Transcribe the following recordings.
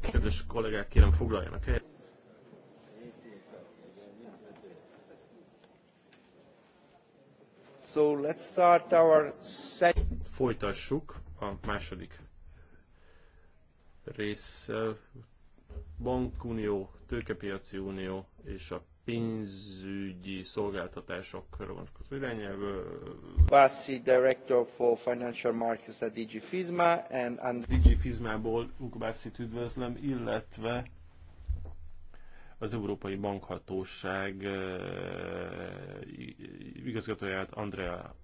Kedves kollégák, kérem foglaljanak helyet. So let's start our second. Folytassuk a második rész Bankunió, Tőkepiaci Unió és a pénzügyi szolgáltatásokra vonatkozó irányelv. Bassi, Director for Financial Markets at DG FISMA and... and... DG FISMA-ból Ukbászit üdvözlöm, illetve az Európai Bankhatóság eh, igazgatóját, Andrea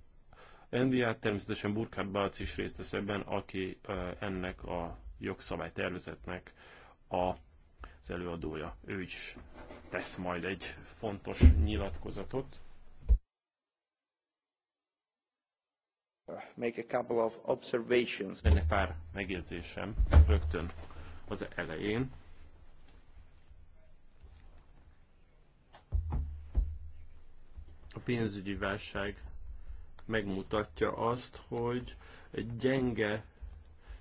Endiát, természetesen Burkhard Balc is részt vesz ebben, aki eh, ennek a jogszabálytervezetnek a az előadója. Ő is tesz majd egy fontos nyilatkozatot. Make a couple of observations. Lenne pár megjegyzésem rögtön az elején. A pénzügyi válság megmutatja azt, hogy egy gyenge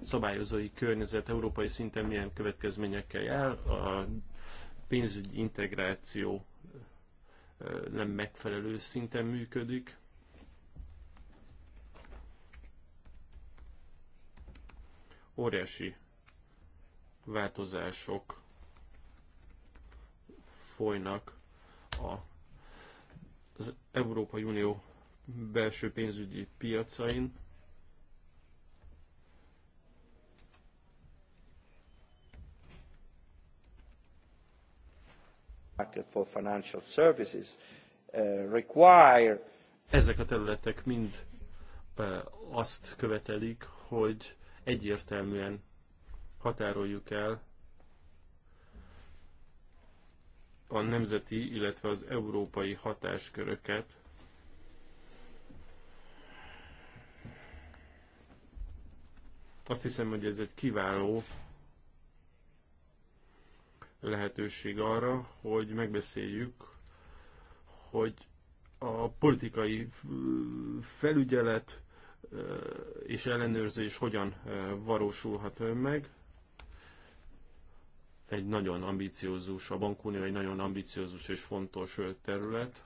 szabályozói környezet európai szinten milyen következményekkel jár. A pénzügyi integráció nem megfelelő szinten működik. Óriási változások folynak a, az Európai Unió belső pénzügyi piacain. market for financial services uh, require ezek a területek mind uh, azt követelik, hogy egyértelműen határoljuk el a nemzeti, illetve az európai hatásköröket. Azt hiszem, hogy ez egy kiváló lehetőség arra, hogy megbeszéljük, hogy a politikai felügyelet és ellenőrzés hogyan valósulhat meg. Egy nagyon ambiciózus, a bankunió egy nagyon ambiciózus és fontos terület.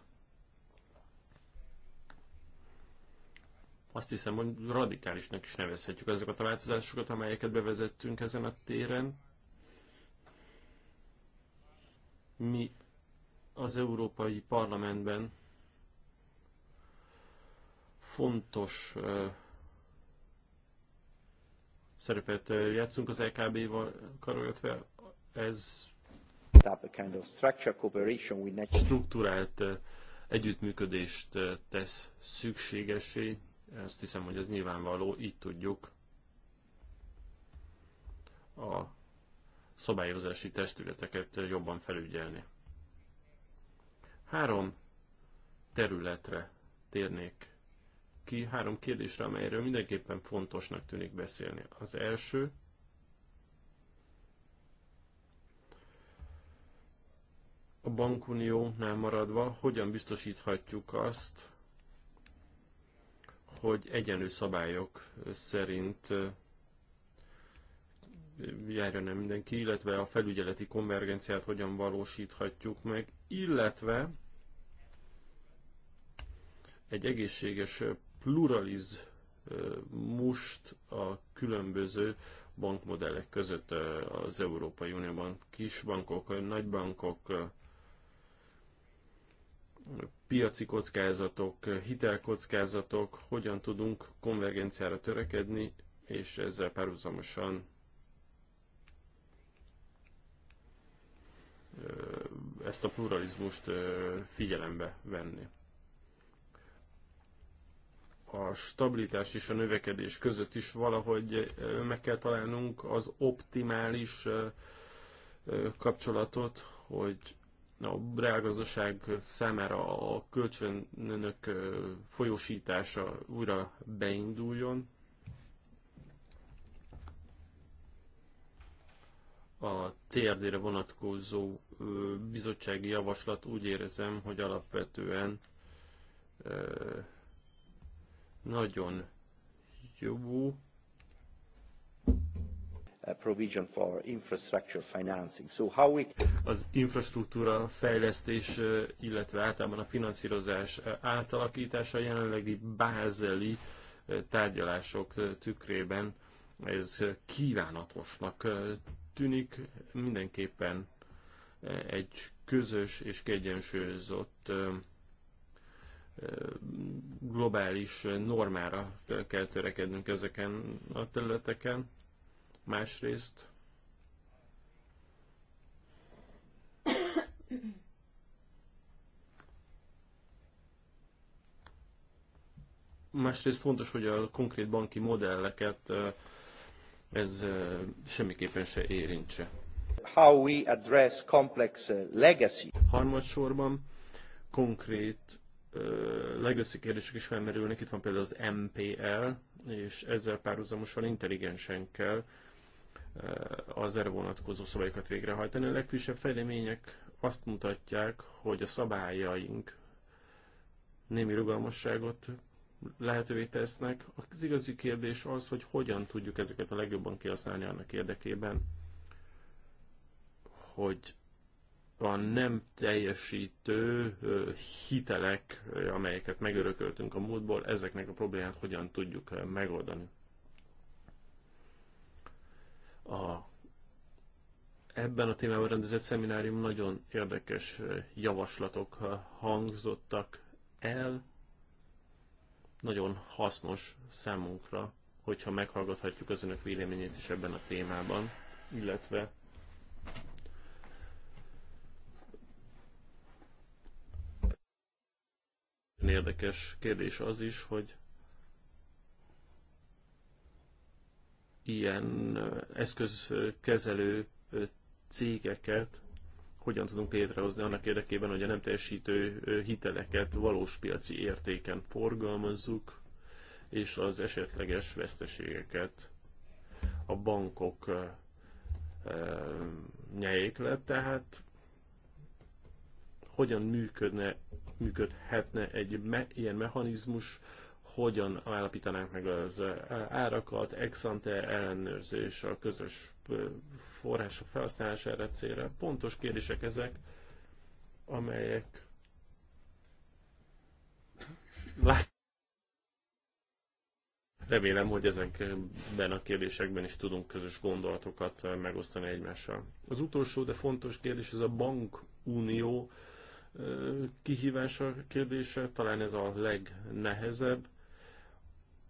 Azt hiszem, hogy radikálisnak is nevezhetjük ezeket a változásokat, amelyeket bevezettünk ezen a téren mi az Európai Parlamentben fontos szerepet játszunk az LKB-val karolgatva. Ez struktúrált együttműködést tesz szükségesé. Azt hiszem, hogy ez nyilvánvaló, így tudjuk a szabályozási testületeket jobban felügyelni. Három területre térnék ki, három kérdésre, amelyről mindenképpen fontosnak tűnik beszélni. Az első, a bankuniónál maradva, hogyan biztosíthatjuk azt, hogy egyenlő szabályok szerint járjon el mindenki, illetve a felügyeleti konvergenciát hogyan valósíthatjuk meg, illetve egy egészséges pluralizmust a különböző bankmodellek között az Európai Unióban. Kis bankok, nagy bankok, piaci kockázatok, hitelkockázatok, hogyan tudunk konvergenciára törekedni, és ezzel párhuzamosan ezt a pluralizmust figyelembe venni. A stabilitás és a növekedés között is valahogy meg kell találnunk az optimális kapcsolatot, hogy a reálgazdaság számára a kölcsönök folyósítása újra beinduljon, a crd re vonatkozó bizottsági javaslat úgy érezem, hogy alapvetően nagyon jó. A provision for infrastructure financing. So how we... Az infrastruktúra fejlesztés, illetve általában a finanszírozás átalakítása jelenlegi bázeli tárgyalások tükrében ez kívánatosnak tűnik, mindenképpen egy közös és kiegyensúlyozott globális normára kell törekednünk ezeken a területeken. Másrészt Másrészt fontos, hogy a konkrét banki modelleket ez semmiképpen se érintse. How we address complex legacy. Harmadsorban konkrét legacy kérdések is felmerülnek, itt van például az MPL, és ezzel párhuzamosan intelligensen kell az erre vonatkozó szabályokat végrehajtani. A legfrissebb fejlemények azt mutatják, hogy a szabályaink némi rugalmasságot lehetővé tesznek. Az igazi kérdés az, hogy hogyan tudjuk ezeket a legjobban kihasználni annak érdekében, hogy a nem teljesítő hitelek, amelyeket megörököltünk a múltból, ezeknek a problémát hogyan tudjuk megoldani. A ebben a témában rendezett szeminárium nagyon érdekes javaslatok hangzottak el, nagyon hasznos számunkra, hogyha meghallgathatjuk az önök véleményét is ebben a témában, illetve érdekes kérdés az is, hogy ilyen eszközkezelő cégeket hogyan tudunk létrehozni annak érdekében, hogy a nem teljesítő hiteleket valós piaci értéken forgalmazzuk, és az esetleges veszteségeket a bankok nyeljék le, tehát hogyan működne, működhetne egy me, ilyen mechanizmus, hogyan állapítanánk meg az árakat, ex-ante ellenőrzés, a közös források felhasználására célra. Pontos kérdések ezek, amelyek Remélem, hogy ezekben a kérdésekben is tudunk közös gondolatokat megosztani egymással. Az utolsó, de fontos kérdés, ez a bankunió kihívása kérdése, talán ez a legnehezebb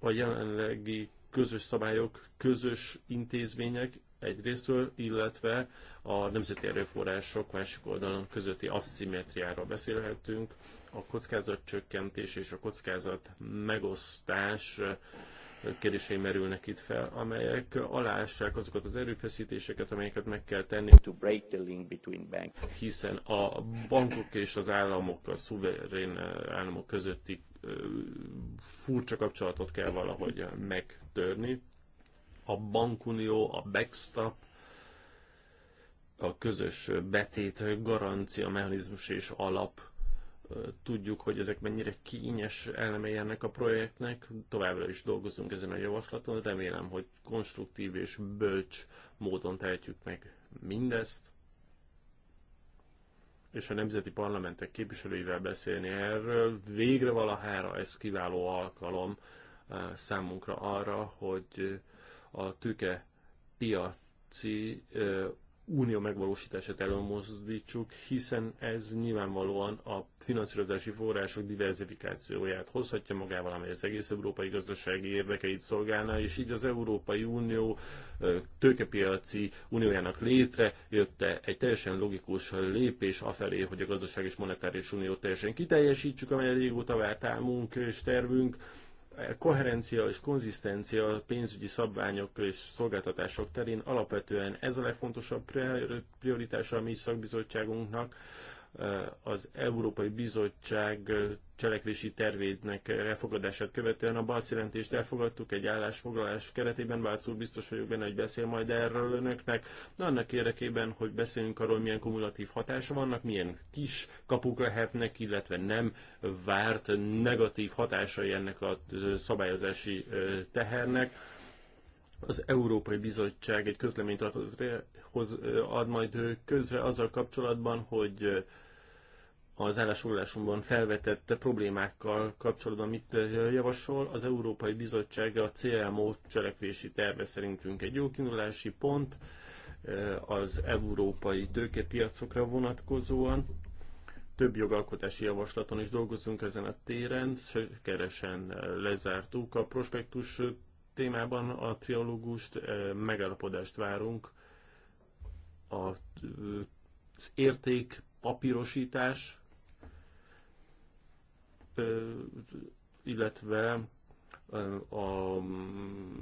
a jelenlegi közös szabályok, közös intézmények egyrésztről, illetve a nemzeti erőforrások másik oldalon közötti asszimetriáról beszélhetünk, a kockázat csökkentés és a kockázat megosztás kérdései merülnek itt fel, amelyek alássák azokat az erőfeszítéseket, amelyeket meg kell tenni, to break the link between banks hiszen a bankok és az államok, a szuverén államok közötti furcsa kapcsolatot kell valahogy megtörni. A bankunió, a backstop, a közös betét, garancia, mechanizmus és alap tudjuk, hogy ezek mennyire kényes elemei ennek a projektnek. Továbbra is dolgozunk ezen a javaslaton, remélem, hogy konstruktív és bölcs módon tehetjük meg mindezt és a nemzeti parlamentek képviselőivel beszélni erről. Végre valahára ez kiváló alkalom eh, számunkra arra, hogy a tüke piaci eh, unió megvalósítását előmozdítsuk, hiszen ez nyilvánvalóan a finanszírozási források diversifikációját hozhatja magával, amely az egész európai gazdasági érdekeit szolgálna. és így az Európai Unió tőkepiaci uniójának jötte egy teljesen logikus lépés afelé, hogy a gazdaság és monetáris uniót teljesen kiteljesítsük, amely régóta vártálmunk és tervünk, koherencia és konzisztencia pénzügyi szabványok és szolgáltatások terén alapvetően ez a legfontosabb prioritása a mi szakbizottságunknak az Európai Bizottság cselekvési tervének elfogadását követően a BALC jelentést elfogadtuk egy állásfoglalás keretében, Bárc úr biztos vagyok benne, hogy beszél majd erről önöknek, de annak érdekében, hogy beszéljünk arról, milyen kumulatív hatása vannak, milyen kis kapuk lehetnek, illetve nem várt negatív hatásai ennek a szabályozási tehernek az Európai Bizottság egy közleményt ad, majd közre azzal kapcsolatban, hogy az állásfoglalásunkban felvetett problémákkal kapcsolatban mit javasol. Az Európai Bizottság a CMO cselekvési terve szerintünk egy jó kiindulási pont az európai tőkepiacokra vonatkozóan. Több jogalkotási javaslaton is dolgozunk ezen a téren, sikeresen lezártuk a prospektus témában a triológust, megállapodást várunk az érték papírosítás illetve a mm,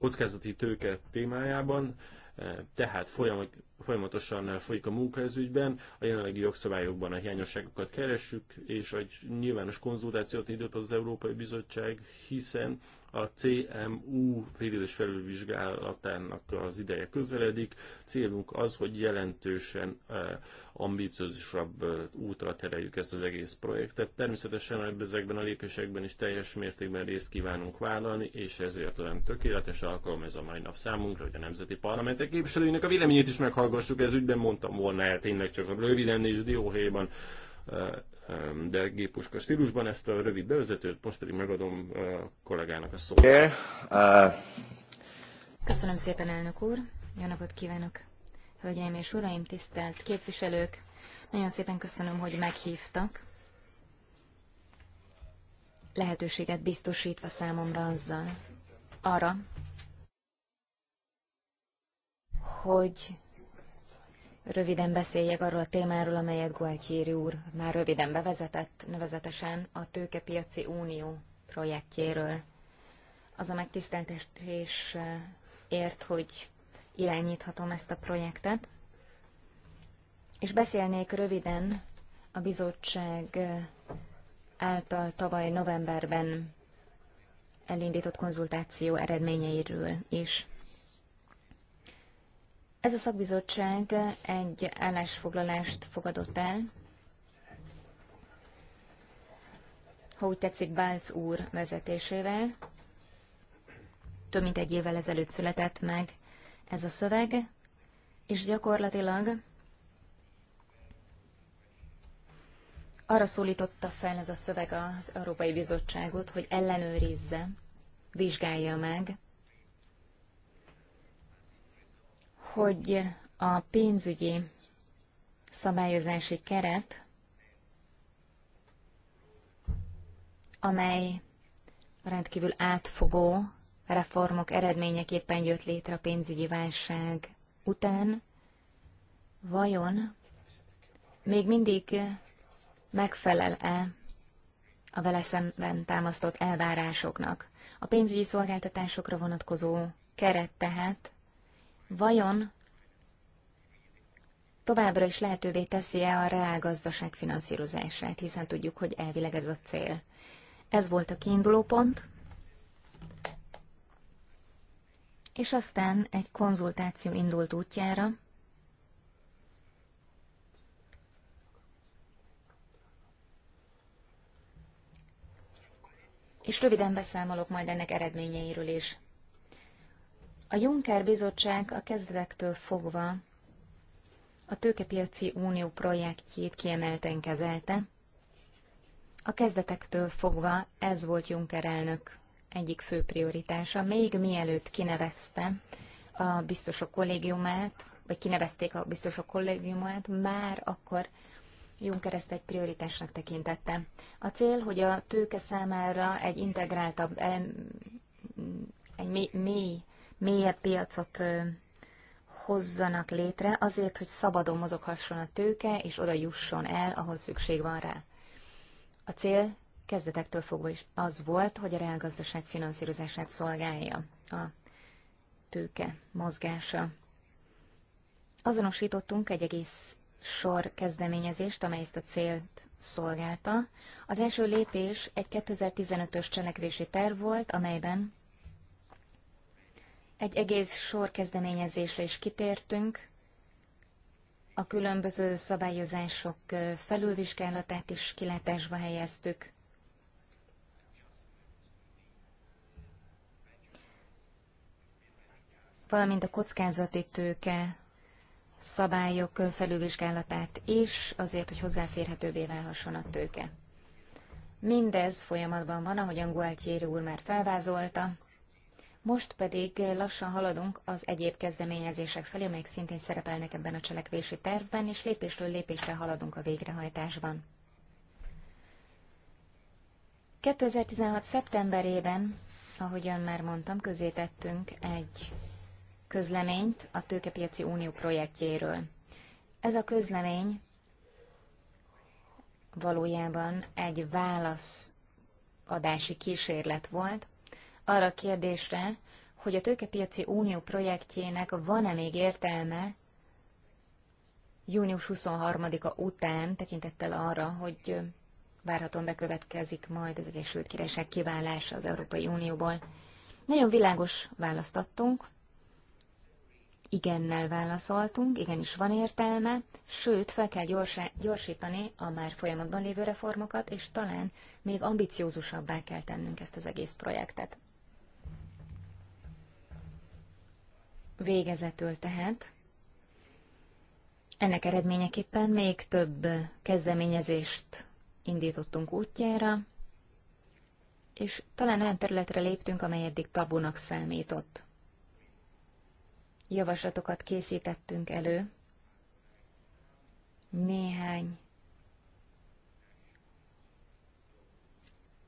kockázati tőke témájában, tehát folyamatosan folyik a munka ez ügyben, a jelenlegi jogszabályokban a hiányosságokat keressük, és egy nyilvános konzultációt indított az Európai Bizottság, hiszen a CMU félidős felülvizsgálatának az ideje közeledik. Célunk az, hogy jelentősen eh, ambiciózusabb eh, útra tereljük ezt az egész projektet. Természetesen ezekben a lépésekben is teljes mértékben részt kívánunk vállalni, és ezért olyan tökéletes alkalom ez a mai nap számunkra, hogy a nemzeti parlamentek képviselőinek a véleményét is meghallgassuk. Ez ügyben mondtam volna el tényleg csak röviden és dióhéjban eh, Ehm, de gépuska stílusban ezt a rövid bevezetőt, most pedig megadom a eh, kollégának a szót. Okay. Uh... Eh, köszönöm szépen, elnök úr! Jó napot kívánok! Hölgyeim és uraim, tisztelt képviselők! Nagyon szépen köszönöm, hogy meghívtak. Lehetőséget biztosítva számomra azzal, arra, hogy röviden beszéljek arról a témáról, amelyet Gualtieri úr már röviden bevezetett, nevezetesen a Tőkepiaci Unió projektjéről. Az a megtiszteltetés eh, ért, hogy irányíthatom ezt a projektet. És beszélnék röviden a bizottság eh, által tavaly novemberben elindított konzultáció eredményeiről is. Ez a szakbizottság egy állásfoglalást fogadott el, ha úgy tetszik, Bálc úr vezetésével. Több mint egy évvel ezelőtt született meg ez a szöveg, és gyakorlatilag arra szólította fel ez a szöveg az Európai Bizottságot, hogy ellenőrizze, vizsgálja meg hogy a pénzügyi szabályozási keret, amely rendkívül átfogó reformok eredményeképpen jött létre a pénzügyi válság után, vajon még mindig megfelel-e a vele szemben támasztott elvárásoknak. A pénzügyi szolgáltatásokra vonatkozó keret tehát vajon továbbra is lehetővé teszi-e a reálgazdaság finanszírozását, hiszen tudjuk, hogy elvileg ez a cél. Ez volt a kiinduló pont, és aztán egy konzultáció indult útjára, és röviden beszámolok majd ennek eredményeiről is. A Juncker Bizottság a kezdetektől fogva a tőkepiaci unió projektjét kiemelten kezelte. A kezdetektől fogva ez volt Juncker elnök egyik fő prioritása, még mielőtt kinevezte a biztosok kollégiumát, vagy kinevezték a biztosok kollégiumát, már akkor Juncker ezt egy prioritásnak tekintette. A cél, hogy a tőke számára egy integráltabb, egy mély, mély mélyebb piacot hozzanak létre azért, hogy szabadon mozoghasson a tőke, és oda jusson el, ahol szükség van rá. A cél kezdetektől fogva is az volt, hogy a reálgazdaság finanszírozását szolgálja a tőke mozgása. Azonosítottunk egy egész sor kezdeményezést, amely ezt a célt szolgálta. Az első lépés egy 2015-ös cselekvési terv volt, amelyben egy egész sor kezdeményezésre is kitértünk, a különböző szabályozások felülvizsgálatát is kilátásba helyeztük. valamint a kockázati tőke szabályok felülvizsgálatát is, azért, hogy hozzáférhetővé válhasson a tőke. Mindez folyamatban van, ahogyan Gualtieri úr már felvázolta, most pedig lassan haladunk az egyéb kezdeményezések felé, amelyek szintén szerepelnek ebben a cselekvési tervben, és lépésről lépésre haladunk a végrehajtásban. 2016. szeptemberében, ahogyan már mondtam, közzétettünk egy közleményt a Tőkepiaci Unió projektjéről. Ez a közlemény valójában egy válaszadási kísérlet volt, arra a kérdésre, hogy a tőkepiaci unió projektjének van-e még értelme június 23-a után tekintettel arra, hogy várhatóan bekövetkezik majd az Egyesült Királyság kiválása az Európai Unióból. Nagyon világos választ adtunk, igennel válaszoltunk, igenis van értelme, sőt, fel kell gyorsítani a már folyamatban lévő reformokat, és talán még ambiciózusabbá kell tennünk ezt az egész projektet. Végezetül tehát ennek eredményeképpen még több kezdeményezést indítottunk útjára, és talán olyan területre léptünk, amely eddig tabunak számított. Javaslatokat készítettünk elő, néhány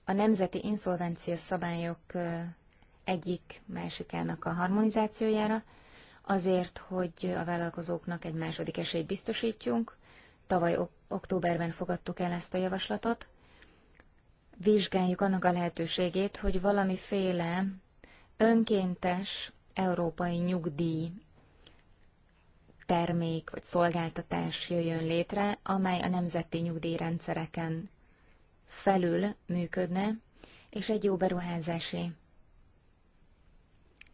a nemzeti inszolvencia szabályok egyik másikának a harmonizációjára, azért, hogy a vállalkozóknak egy második esélyt biztosítjunk. Tavaly októberben fogadtuk el ezt a javaslatot. Vizsgáljuk annak a lehetőségét, hogy valamiféle önkéntes európai nyugdíj termék vagy szolgáltatás jöjjön létre, amely a nemzeti nyugdíjrendszereken felül működne, és egy jó beruházási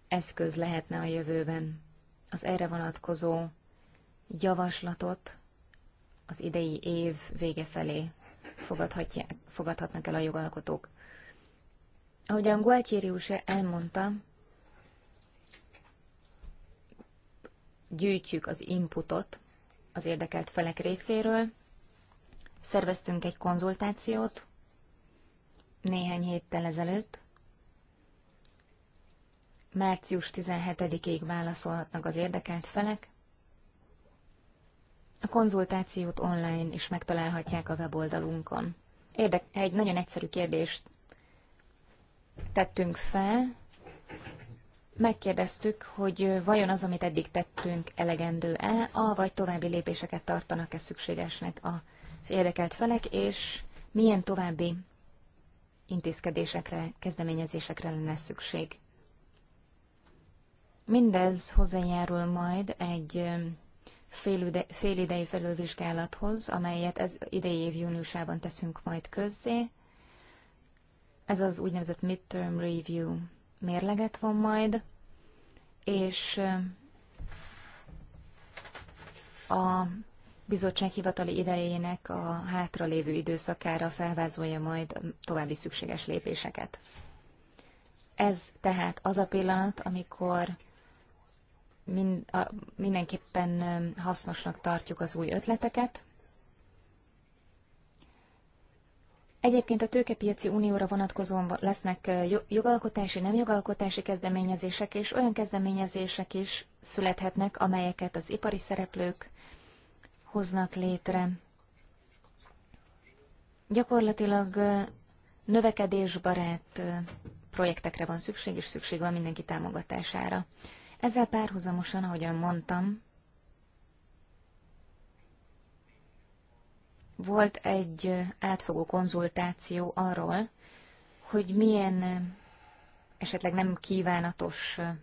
eszköz lehetne a jövőben az erre vonatkozó javaslatot az idei év vége felé fogadhatják, fogadhatnak el a jogalkotók. Ahogyan Gualtieri úr elmondta, gyűjtjük az inputot az érdekelt felek részéről, szerveztünk egy konzultációt néhány héttel ezelőtt, március 17-ig válaszolhatnak az érdekelt felek. A konzultációt online is megtalálhatják a weboldalunkon. Érdek, egy nagyon egyszerű kérdést tettünk fel. Megkérdeztük, hogy vajon az, amit eddig tettünk, elegendő-e, a vagy további lépéseket tartanak-e szükségesnek az érdekelt felek, és milyen további intézkedésekre, kezdeményezésekre lenne szükség. Mindez hozzájárul majd egy félidei felülvizsgálathoz, amelyet ez idei év júniusában teszünk majd közzé. Ez az úgynevezett midterm review mérleget von majd, és a bizottság hivatali idejének a hátralévő időszakára felvázolja majd további szükséges lépéseket. Ez tehát az a pillanat, amikor mind, a, mindenképpen um, hasznosnak tartjuk az új ötleteket. Egyébként a tőkepiaci unióra vonatkozóan lesznek uh, jogalkotási, nem jogalkotási kezdeményezések, és olyan kezdeményezések is születhetnek, amelyeket az ipari szereplők hoznak létre. Gyakorlatilag uh, növekedésbarát uh, projektekre van szükség, és szükség van mindenki támogatására. Ezzel párhuzamosan, ahogyan mondtam, volt egy átfogó konzultáció arról, hogy milyen eh, esetleg nem kívánatos eh,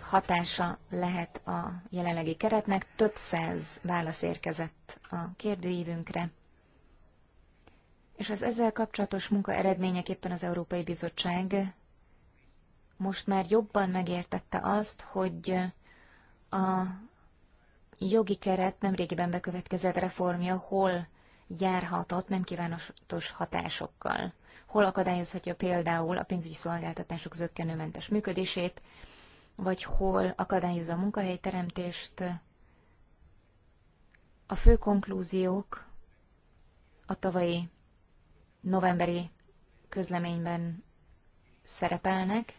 hatása lehet a jelenlegi keretnek. Több száz válasz érkezett a kérdőívünkre, és az ezzel kapcsolatos munka eredményeképpen az Európai Bizottság most már jobban megértette azt, hogy a jogi keret nemrégiben bekövetkezett reformja hol járhatott nem kívánatos hatásokkal. Hol akadályozhatja például a pénzügyi szolgáltatások zöggenőmentes működését, vagy hol akadályozza a munkahelyteremtést. A fő konklúziók a tavalyi novemberi közleményben szerepelnek,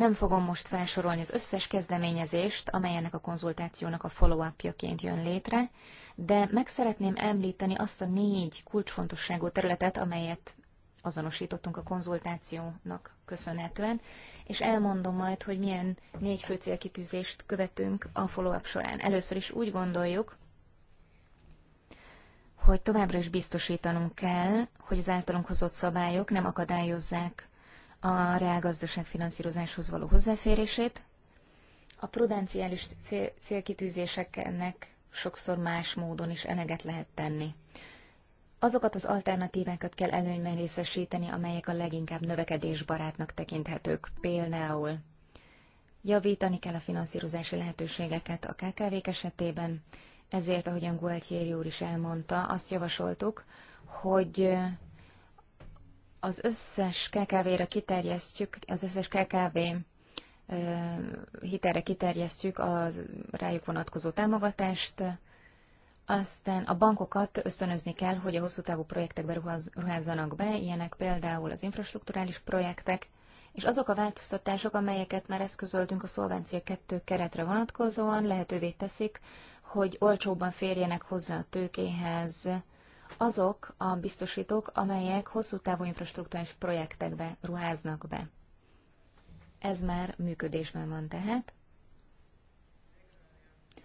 nem fogom most felsorolni az összes kezdeményezést, amely ennek a konzultációnak a follow-upjaként jön létre, de meg szeretném említeni azt a négy kulcsfontosságú területet, amelyet azonosítottunk a konzultációnak köszönhetően, és elmondom majd, hogy milyen négy fő célkitűzést követünk a follow-up során. Először is úgy gondoljuk, hogy továbbra is biztosítanunk kell, hogy az általunk hozott szabályok nem akadályozzák a reálgazdaság finanszírozáshoz való hozzáférését. A prudenciális cél, célkitűzéseknek sokszor más módon is eleget lehet tenni. Azokat az alternatívákat kell előnyben részesíteni, amelyek a leginkább növekedésbarátnak tekinthetők. Például javítani kell a finanszírozási lehetőségeket a KKV-k esetében, ezért, ahogyan Gualtieri úr is elmondta, azt javasoltuk, hogy az összes KKV-re kiterjesztjük, az összes KKV hitelre kiterjesztjük a rájuk vonatkozó támogatást, aztán a bankokat ösztönözni kell, hogy a hosszú távú projektekbe ruházzanak be, ilyenek például az infrastruktúrális projektek, és azok a változtatások, amelyeket már eszközöltünk a Szolvencia 2 keretre vonatkozóan, lehetővé teszik, hogy olcsóbban férjenek hozzá a tőkéhez azok a biztosítók, amelyek hosszú távú infrastruktúrás projektekbe ruháznak be. Ez már működésben van tehát.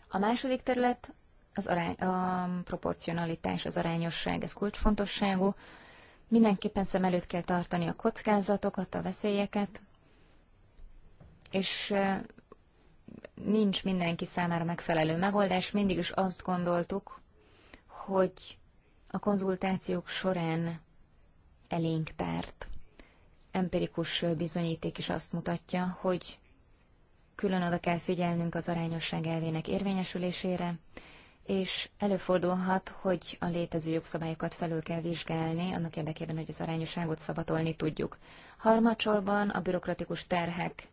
A második terület az arány, a proporcionalitás, az arányosság, ez kulcsfontosságú. Mindenképpen szem előtt kell tartani a kockázatokat, a veszélyeket, és nincs mindenki számára megfelelő megoldás. Mindig is azt gondoltuk, hogy a konzultációk során elénk tárt. Empirikus bizonyíték is azt mutatja, hogy külön oda kell figyelnünk az arányosság elvének érvényesülésére, és előfordulhat, hogy a létező jogszabályokat felül kell vizsgálni, annak érdekében, hogy az arányosságot szabatolni tudjuk. Harmadsorban a bürokratikus terhek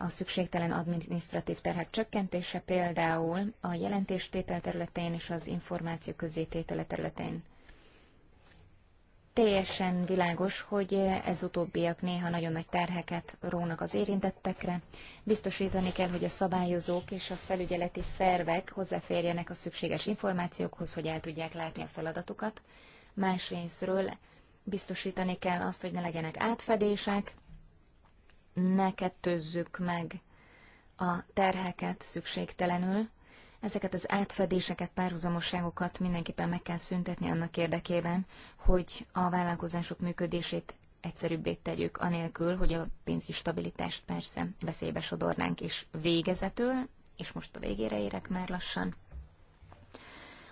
a szükségtelen adminisztratív terhek csökkentése például a jelentéstétel területén és az információ közzététele területén. Teljesen világos, hogy ez utóbbiak néha nagyon nagy terheket rónak az érintettekre. Biztosítani kell, hogy a szabályozók és a felügyeleti szervek hozzáférjenek a szükséges információkhoz, hogy el tudják látni a feladatukat. Másrésztről biztosítani kell azt, hogy ne legyenek átfedések, ne kettőzzük meg a terheket szükségtelenül. Ezeket az átfedéseket, párhuzamosságokat mindenképpen meg kell szüntetni annak érdekében, hogy a vállalkozások működését egyszerűbbé tegyük, anélkül, hogy a pénzügyi stabilitást persze veszélybe sodornánk, és végezetül, és most a végére érek már lassan,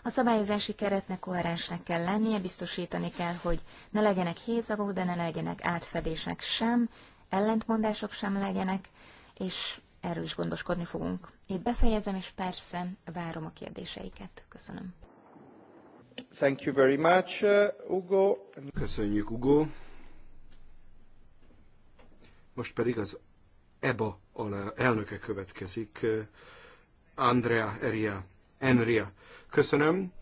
a szabályozási keretnek koherensnek kell lennie, biztosítani kell, hogy ne legyenek hézagok, de ne legyenek átfedések sem, ellentmondások sem legyenek, és erről is gondoskodni fogunk. Itt befejezem, és persze várom a kérdéseiket. Köszönöm. Thank you very much, uh, Ugo. Köszönjük, Ugo. Most pedig az EBA elnöke következik, uh, Andrea Eria. Enria. Köszönöm.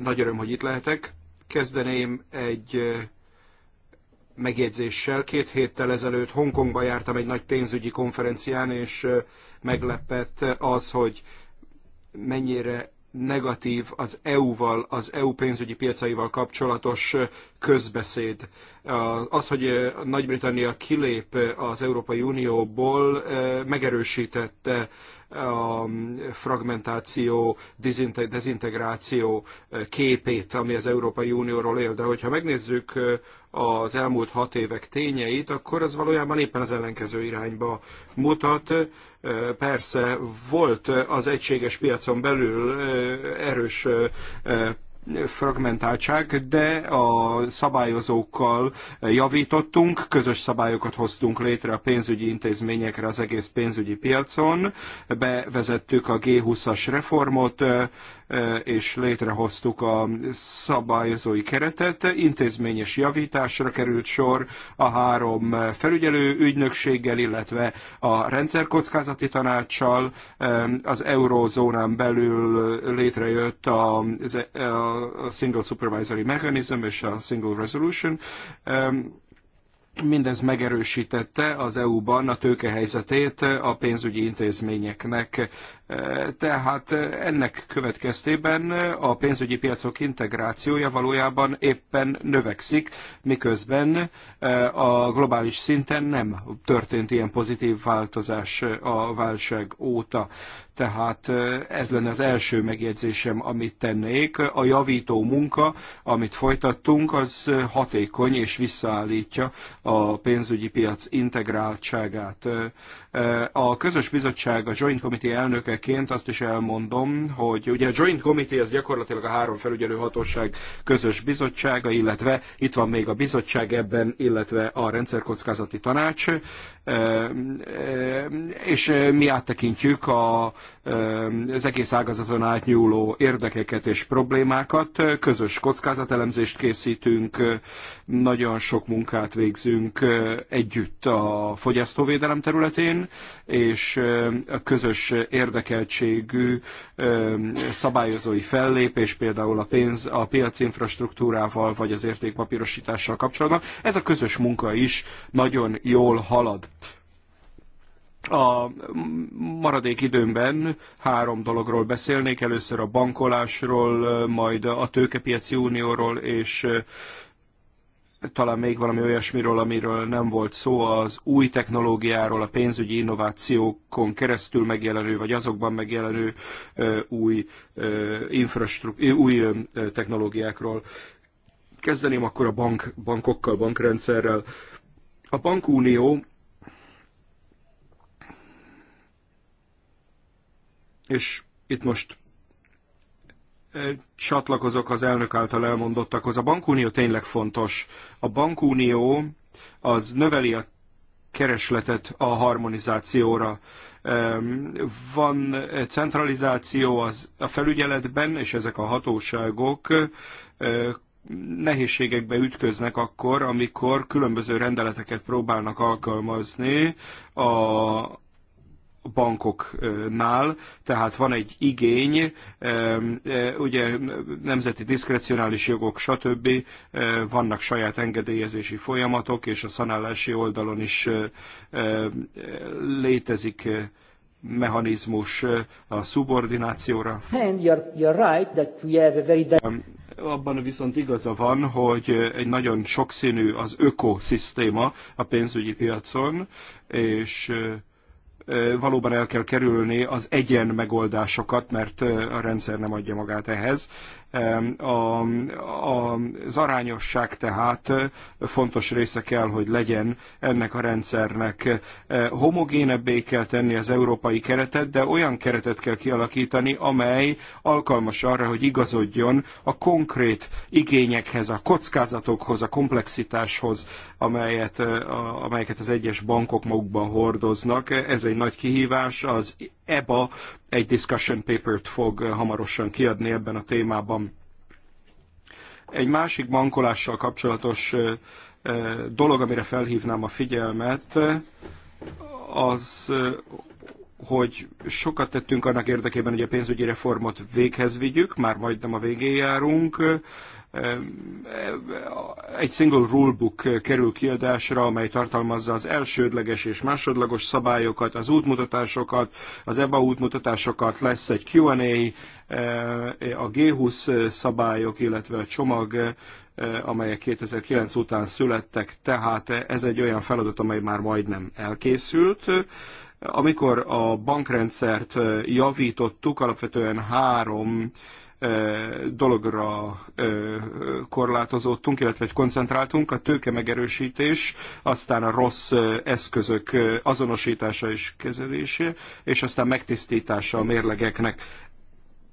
Nagy öröm, hogy itt lehetek. Kezdeném egy uh, megjegyzéssel. Két héttel ezelőtt Hongkongba jártam egy nagy pénzügyi konferencián, és meglepett az, hogy mennyire negatív az EU-val, az EU pénzügyi piacaival kapcsolatos közbeszéd. Az, hogy Nagy-Britannia kilép az Európai Unióból, megerősítette a fragmentáció, dezintegráció képét, ami az Európai Unióról él. De hogyha megnézzük az elmúlt hat évek tényeit, akkor ez valójában éppen az ellenkező irányba mutat. Persze volt az egységes piacon belül erős fragmentáltság, de a szabályozókkal javítottunk, közös szabályokat hoztunk létre a pénzügyi intézményekre az egész pénzügyi piacon, bevezettük a G20-as reformot, és létrehoztuk a szabályozói keretet. Intézményes javításra került sor a három felügyelő ügynökséggel, illetve a rendszerkockázati tanácssal. Az eurózónán belül létrejött a, a Single Supervisory Mechanism és a Single Resolution. Mindez megerősítette az EU-ban a tőkehelyzetét a pénzügyi intézményeknek. Tehát eh, ennek következtében eh, a pénzügyi piacok integrációja valójában éppen növekszik, miközben eh, a globális szinten nem történt ilyen pozitív változás a válság óta. Tehát ez lenne az első megjegyzésem, amit tennék. A javító munka, amit folytattunk, az hatékony és visszaállítja a pénzügyi piac integráltságát. A közös bizottság a Joint Committee elnökeként azt is elmondom, hogy ugye a Joint Committee az gyakorlatilag a három felügyelő hatóság közös bizottsága, illetve itt van még a bizottság ebben, illetve a rendszerkockázati tanács és mi áttekintjük a, az egész ágazaton átnyúló érdekeket és problémákat, közös kockázatelemzést készítünk, nagyon sok munkát végzünk együtt a fogyasztóvédelem területén, és a közös érdekeltségű szabályozói fellépés, például a pénz, a piacinfrastruktúrával, vagy az értékpapírosítással kapcsolatban. Ez a közös munka is nagyon jól halad. A maradék időmben három dologról beszélnék, először a bankolásról, majd a tőkepiaci unióról, és talán még valami olyasmiről, amiről nem volt szó, az új technológiáról, a pénzügyi innovációkon keresztül megjelenő, vagy azokban megjelenő új, új technológiákról. Kezdeném akkor a bank, bankokkal, bankrendszerrel. A bankunió és itt most csatlakozok az elnök által elmondottakhoz. A bankunió tényleg fontos. A bankunió az növeli a keresletet a harmonizációra. Van centralizáció az, a felügyeletben, és ezek a hatóságok nehézségekbe ütköznek akkor, amikor különböző rendeleteket próbálnak alkalmazni a, bankoknál, tehát van egy igény, e, ugye nemzeti diszkrecionális jogok, stb. E, vannak saját engedélyezési folyamatok, és a szanálási oldalon is e, létezik mechanizmus a szubordinációra. And you're, you're right that we have a very abban viszont igaza van, hogy egy nagyon sokszínű az ökoszisztéma a pénzügyi piacon, és valóban el kell kerülni az egyen megoldásokat, mert a rendszer nem adja magát ehhez. A, a, az arányosság tehát fontos része kell, hogy legyen ennek a rendszernek. Homogénebbé kell tenni az európai keretet, de olyan keretet kell kialakítani, amely alkalmas arra, hogy igazodjon a konkrét igényekhez, a kockázatokhoz, a komplexitáshoz, amelyet, a, amelyeket az egyes bankok magukban hordoznak. Ez egy nagy kihívás, az EBA egy discussion papert fog eh, hamarosan kiadni ebben a témában. Egy másik bankolással kapcsolatos eh, eh, dolog, amire felhívnám a figyelmet, az, hogy sokat tettünk annak érdekében, hogy a pénzügyi reformot véghez vigyük, már majdnem a végén járunk, egy single rulebook kerül kiadásra, amely tartalmazza az elsődleges és másodlagos szabályokat, az útmutatásokat, az EBA útmutatásokat, lesz egy Q&A, a eh, G20 szabályok, illetve a csomag, eh, amelyek 2009 után születtek, tehát ez egy olyan feladat, amely már majdnem elkészült. Amikor a bankrendszert eh, javítottuk, alapvetően három dologra korlátozottunk, illetve koncentráltunk, a tőke megerősítés, aztán a rossz eszközök azonosítása és kezelése, és aztán megtisztítása a mérlegeknek.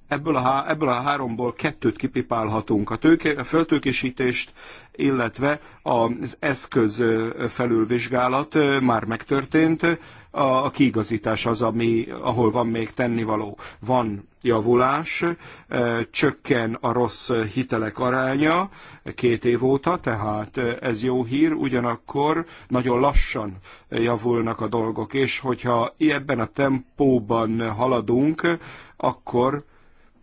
Ebből a, há, ebből a háromból kettőt kipipálhatunk, a, tőke, a föltőkésítést, illetve az eszköz felülvizsgálat már megtörtént, a, a kiigazítás az, ami, ahol van még tennivaló. Van javulás, csökken a rossz hitelek aránya két év óta, tehát ez jó hír, ugyanakkor nagyon lassan javulnak a dolgok, és hogyha ebben a tempóban haladunk, akkor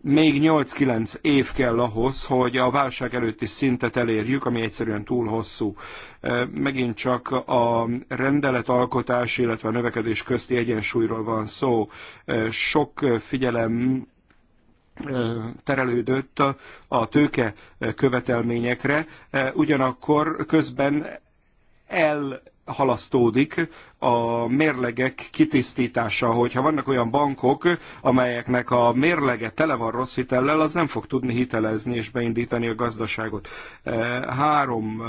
még 8-9 év kell ahhoz, hogy a válság előtti szintet elérjük, ami egyszerűen túl hosszú. Megint csak a rendeletalkotás, illetve a növekedés közti egyensúlyról van szó. Sok figyelem terelődött a tőke követelményekre, ugyanakkor közben el halasztódik a mérlegek kitisztítása, hogyha vannak olyan bankok, amelyeknek a mérlege tele van rossz hitellel, az nem fog tudni hitelezni és beindítani a gazdaságot. E, három e,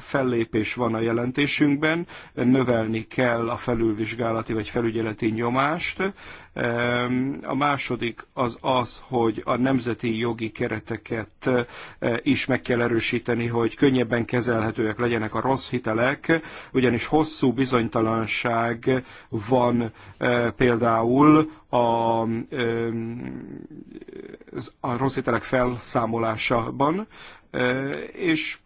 fellépés van a jelentésünkben, növelni kell a felülvizsgálati vagy felügyeleti nyomást. E, a második az az, hogy a nemzeti jogi kereteket is meg kell erősíteni, hogy könnyebben kezelhetőek legyenek a rossz hitelek, ugyanis hosszú bizonytalanság hiányosság van eh, például a, eh, a rossz ételek felszámolásában, eh, és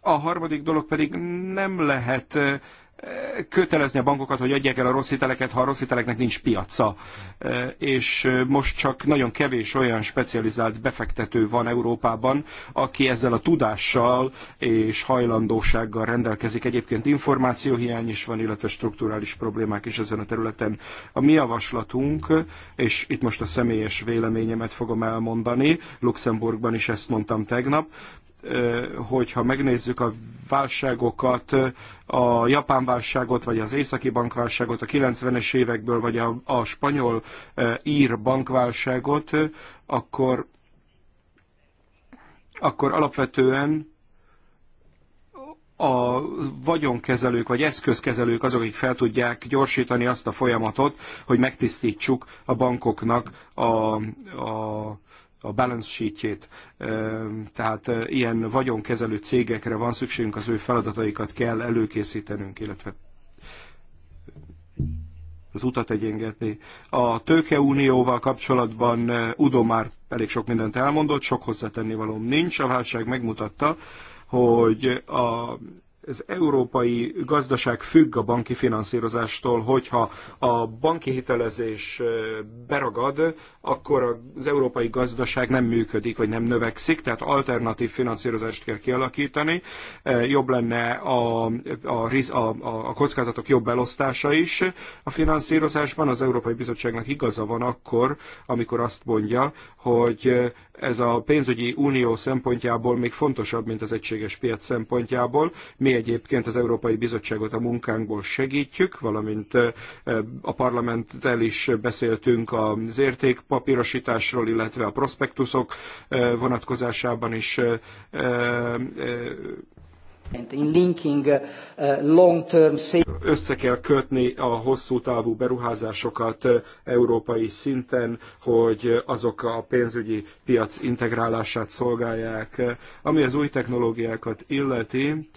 a harmadik dolog pedig nem lehet kötelezni a bankokat, hogy adják el a rossz hiteleket, ha a rossz hiteleknek nincs piaca. E, és most csak nagyon kevés olyan specializált befektető van Európában, aki ezzel a tudással és hajlandósággal rendelkezik. Egyébként információhiány is van, illetve strukturális problémák is ezen a területen. A mi javaslatunk, és itt most a személyes véleményemet fogom elmondani, Luxemburgban is ezt mondtam tegnap, hogyha megnézzük a válságokat, a japán válságot, vagy az északi bankválságot, a 90-es évekből, vagy a, a spanyol ír bankválságot, akkor, akkor alapvetően a vagyonkezelők vagy eszközkezelők azok, akik fel tudják gyorsítani azt a folyamatot, hogy megtisztítsuk a bankoknak a, a a balance sheetjét, tehát ilyen vagyonkezelő cégekre van szükségünk, az ő feladataikat kell előkészítenünk, illetve az utat egyengetni. A tőkeunióval kapcsolatban Udo már elég sok mindent elmondott, sok hozzátenni valóm nincs. A válság megmutatta, hogy a az európai gazdaság függ a banki finanszírozástól, hogyha a banki hitelezés beragad, akkor az európai gazdaság nem működik, vagy nem növekszik, tehát alternatív finanszírozást kell kialakítani. Jobb lenne a, a, a, a kockázatok jobb elosztása is a finanszírozásban. Az Európai Bizottságnak igaza van akkor, amikor azt mondja, hogy ez a pénzügyi unió szempontjából még fontosabb, mint az egységes piac szempontjából. Mi egyébként az Európai Bizottságot a munkánkból segítjük, valamint a parlamenttel is beszéltünk az értékpapírosításról, illetve a prospektuszok vonatkozásában is Uh, Össze kell kötni a hosszú távú beruházásokat uh, európai szinten, hogy uh, azok a pénzügyi piac integrálását szolgálják. Ami az új technológiákat illeti,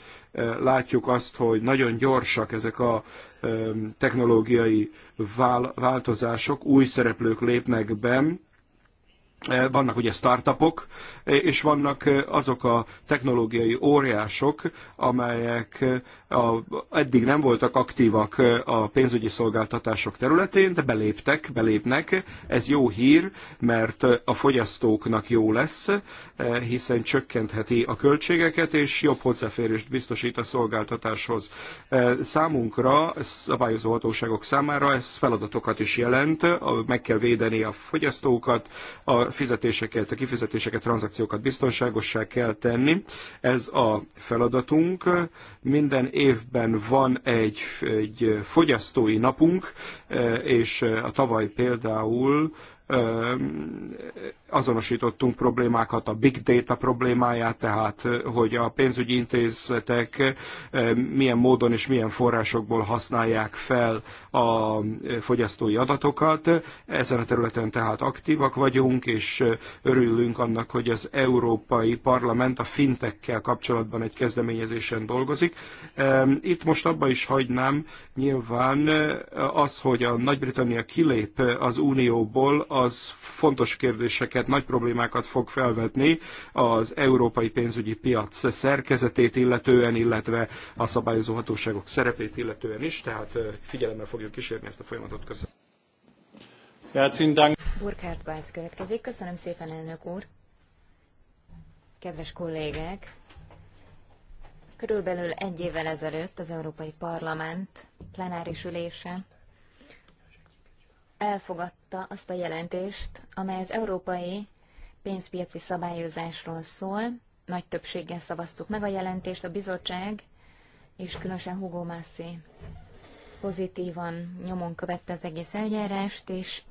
látjuk azt, hogy nagyon gyorsak ezek a um, technológiai változások, új szereplők lépnek be, Eh, vannak ugye startupok, eh, és vannak eh, azok a technológiai óriások, amelyek a, eddig nem voltak aktívak a pénzügyi szolgáltatások területén, de beléptek, belépnek. Ez jó hír, mert a fogyasztóknak jó lesz, hiszen csökkentheti a költségeket, és jobb hozzáférést biztosít a szolgáltatáshoz. Számunkra, szabályozó hatóságok számára ez feladatokat is jelent, meg kell védeni a fogyasztókat, a fizetéseket, a kifizetéseket, tranzakciókat biztonságossá kell tenni. Ez a feladatunk. Minden évben van egy, egy fogyasztói napunk, eh, és eh, a tavaly például azonosítottunk problémákat, a big data problémáját, tehát hogy a pénzügyi intézetek milyen módon és milyen forrásokból használják fel a fogyasztói adatokat. Ezen a területen tehát aktívak vagyunk, és örülünk annak, hogy az Európai Parlament a fintekkel kapcsolatban egy kezdeményezésen dolgozik. Itt most abba is hagynám nyilván az, hogy a Nagy-Britannia kilép az Unióból, a az fontos kérdéseket, nagy problémákat fog felvetni az európai pénzügyi piac szerkezetét illetően, illetve a szabályozó hatóságok szerepét illetően is, tehát figyelemmel fogjuk kísérni ezt a folyamatot. Köszönöm. Burkhard Bác következik. Köszönöm szépen, elnök úr. Kedves kollégák, körülbelül egy évvel ezelőtt az Európai Parlament plenáris ülése elfogadta azt a jelentést, amely az európai pénzpiaci szabályozásról szól. Nagy többséggel szavaztuk meg a jelentést, a bizottság és különösen Hugo Massi pozitívan nyomon követte az egész eljárást, és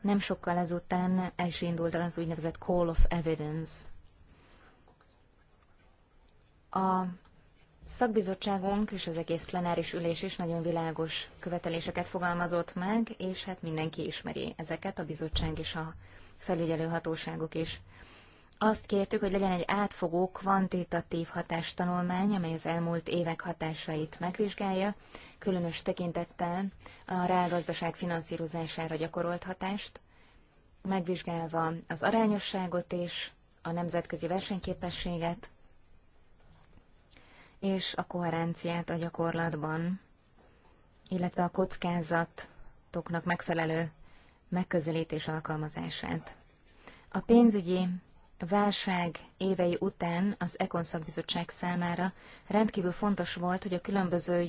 nem sokkal ezután el is indult az úgynevezett Call of Evidence. A Szakbizottságunk és az egész plenáris ülés is nagyon világos követeléseket fogalmazott meg, és hát mindenki ismeri ezeket, a bizottság és a felügyelő hatóságok is. Azt kértük, hogy legyen egy átfogó kvantitatív hatástanulmány, amely az elmúlt évek hatásait megvizsgálja, különös tekintettel a rágazdaság finanszírozására gyakorolt hatást, megvizsgálva az arányosságot és a nemzetközi versenyképességet, és a koherenciát a gyakorlatban, illetve a kockázatoknak megfelelő megközelítés alkalmazását. A pénzügyi válság évei után az Ekon szakbizottság számára rendkívül fontos volt, hogy a különböző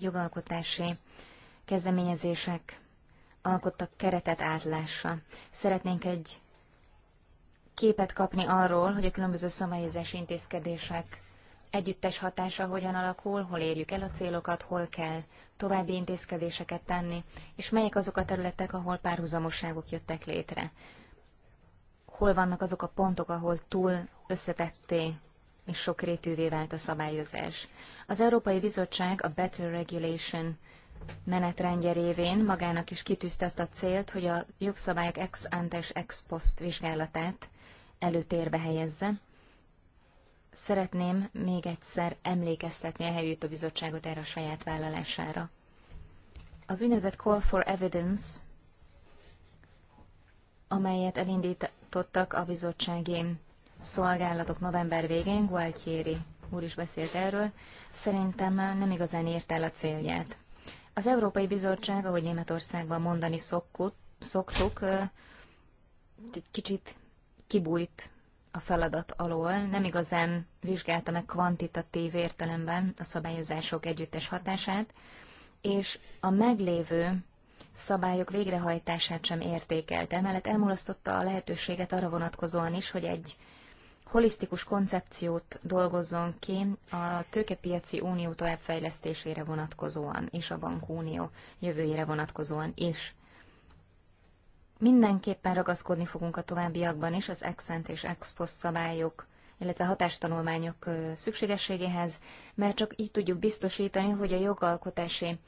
jogalkotási kezdeményezések alkottak keretet átlássa. Szeretnénk egy képet kapni arról, hogy a különböző szabályozási intézkedések együttes hatása hogyan alakul, hol érjük el a célokat, hol kell további intézkedéseket tenni, és melyek azok a területek, ahol párhuzamosságok jöttek létre. Hol vannak azok a pontok, ahol túl összetetté és sokrétűvé vált a szabályozás. Az Európai Bizottság a Better Regulation menetrendje révén magának is kitűzte azt a célt, hogy a jogszabályok ex ante és ex post vizsgálatát előtérbe helyezze, szeretném még egyszer emlékeztetni a helyi bizottságot erre a saját vállalására. Az úgynevezett Call for Evidence, amelyet elindítottak a bizottsági szolgálatok november végén, Gualtieri úr is beszélt erről, szerintem nem igazán ért el a célját. Az Európai Bizottság, ahogy Németországban mondani szoktuk, szoktuk kicsit kibújt a feladat alól, nem igazán vizsgálta meg kvantitatív értelemben a szabályozások együttes hatását, és a meglévő szabályok végrehajtását sem értékelte, emellett elmulasztotta a lehetőséget arra vonatkozóan is, hogy egy holisztikus koncepciót dolgozzon ki a tőkepiaci unió továbbfejlesztésére vonatkozóan és a bankunió jövőjére vonatkozóan is. Mindenképpen ragaszkodni fogunk a továbbiakban is az accent és expos szabályok, illetve hatástanulmányok szükségességéhez, mert csak így tudjuk biztosítani, hogy a jogalkotási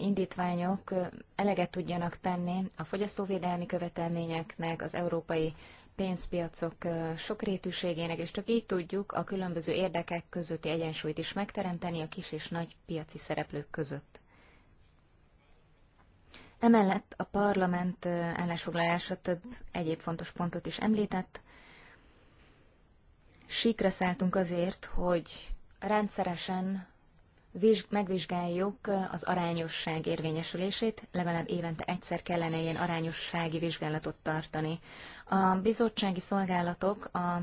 indítványok eleget tudjanak tenni a fogyasztóvédelmi követelményeknek, az európai pénzpiacok sokrétűségének, és csak így tudjuk a különböző érdekek közötti egyensúlyt is megteremteni a kis és nagy piaci szereplők között. Emellett a parlament állásfoglalása több egyéb fontos pontot is említett. Síkra szálltunk azért, hogy rendszeresen megvizsgáljuk az arányosság érvényesülését, legalább évente egyszer kellene ilyen arányossági vizsgálatot tartani. A bizottsági szolgálatok a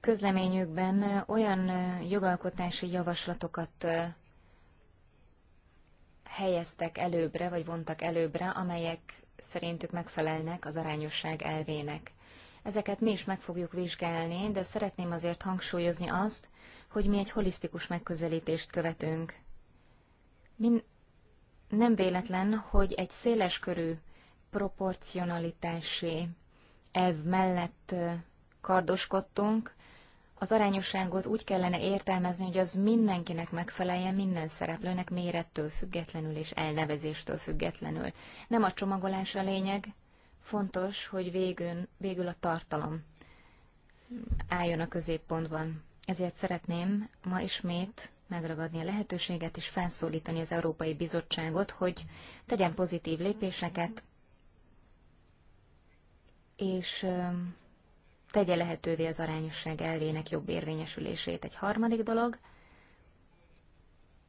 közleményükben olyan jogalkotási javaslatokat helyeztek előbbre, vagy vontak előbbre, amelyek szerintük megfelelnek az arányosság elvének. Ezeket mi is meg fogjuk vizsgálni, de szeretném azért hangsúlyozni azt, hogy mi egy holisztikus megközelítést követünk. Min nem véletlen, hogy egy széleskörű proporcionalitási elv mellett kardoskodtunk, az arányosságot úgy kellene értelmezni, hogy az mindenkinek megfeleljen, minden szereplőnek mérettől függetlenül és elnevezéstől függetlenül. Nem a csomagolás a lényeg, fontos, hogy végül, végül a tartalom álljon a középpontban. Ezért szeretném ma ismét megragadni a lehetőséget és felszólítani az Európai Bizottságot, hogy tegyen pozitív lépéseket, és tegye lehetővé az arányosság elvének jobb érvényesülését. Egy harmadik dolog,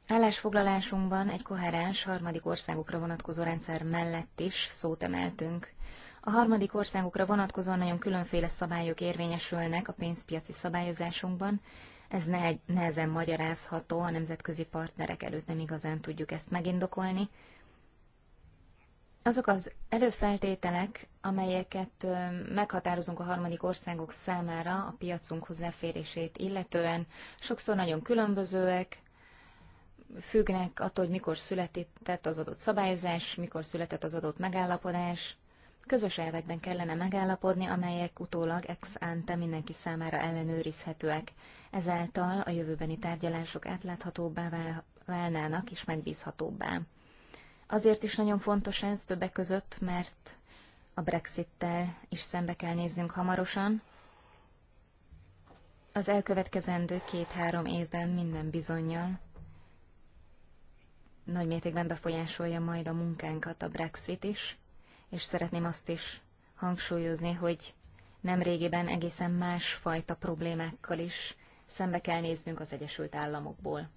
állásfoglalásunkban egy koherens harmadik országokra vonatkozó rendszer mellett is szót emeltünk. A harmadik országokra vonatkozóan nagyon különféle szabályok érvényesülnek a pénzpiaci szabályozásunkban, ez nehezen magyarázható, a nemzetközi partnerek előtt nem igazán tudjuk ezt megindokolni, azok az előfeltételek, amelyeket meghatározunk a harmadik országok számára a piacunk hozzáférését illetően, sokszor nagyon különbözőek, függnek attól, hogy mikor született az adott szabályozás, mikor született az adott megállapodás. Közös elvekben kellene megállapodni, amelyek utólag ex ante mindenki számára ellenőrizhetőek. Ezáltal a jövőbeni tárgyalások átláthatóbbá válnának és megbízhatóbbá. Azért is nagyon fontos ez többek között, mert a Brexittel is szembe kell néznünk hamarosan. Az elkövetkezendő két-három évben minden bizonyal nagy mértékben befolyásolja majd a munkánkat a Brexit is, és szeretném azt is hangsúlyozni, hogy nem nemrégiben egészen másfajta problémákkal is szembe kell néznünk az Egyesült Államokból.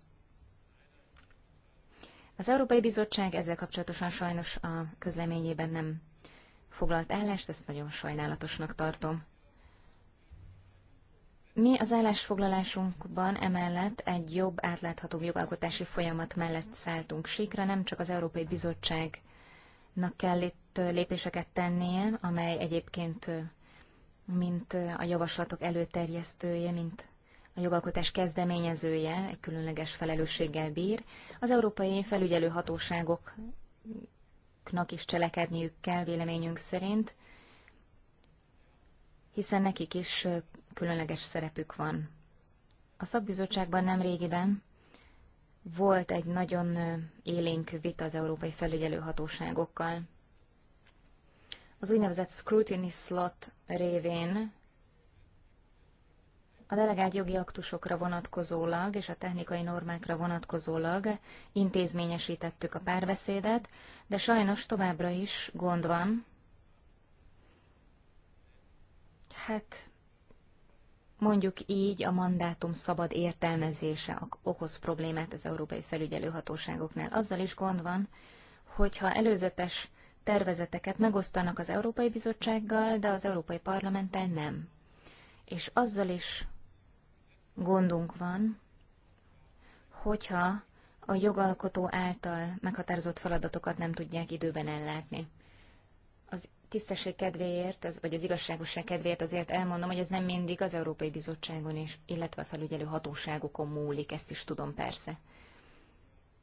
Az Európai Bizottság ezzel kapcsolatosan sajnos a közleményében nem foglalt állást, ezt nagyon sajnálatosnak tartom. Mi az állásfoglalásunkban emellett egy jobb, átláthatóbb jogalkotási folyamat mellett szálltunk síkra, nem csak az Európai Bizottságnak kell itt lépéseket tennie, amely egyébként mint a javaslatok előterjesztője, mint a jogalkotás kezdeményezője egy különleges felelősséggel bír. Az európai felügyelő hatóságoknak is cselekedniük kell véleményünk szerint, hiszen nekik is különleges szerepük van. A szakbizottságban nem régiben volt egy nagyon élénk vita az európai felügyelő hatóságokkal. Az úgynevezett scrutiny slot révén a delegált jogi aktusokra vonatkozólag és a technikai normákra vonatkozólag intézményesítettük a párbeszédet, de sajnos továbbra is gond van. Hát mondjuk így a mandátum szabad értelmezése okoz problémát az európai felügyelőhatóságoknál. Azzal is gond van, hogyha előzetes tervezeteket megosztanak az Európai Bizottsággal, de az Európai Parlamenttel nem. És azzal is gondunk van, hogyha a jogalkotó által meghatározott feladatokat nem tudják időben ellátni. Az tisztesség kedvéért, vagy az igazságosság kedvéért azért elmondom, hogy ez nem mindig az Európai Bizottságon is, illetve a felügyelő hatóságokon múlik, ezt is tudom persze.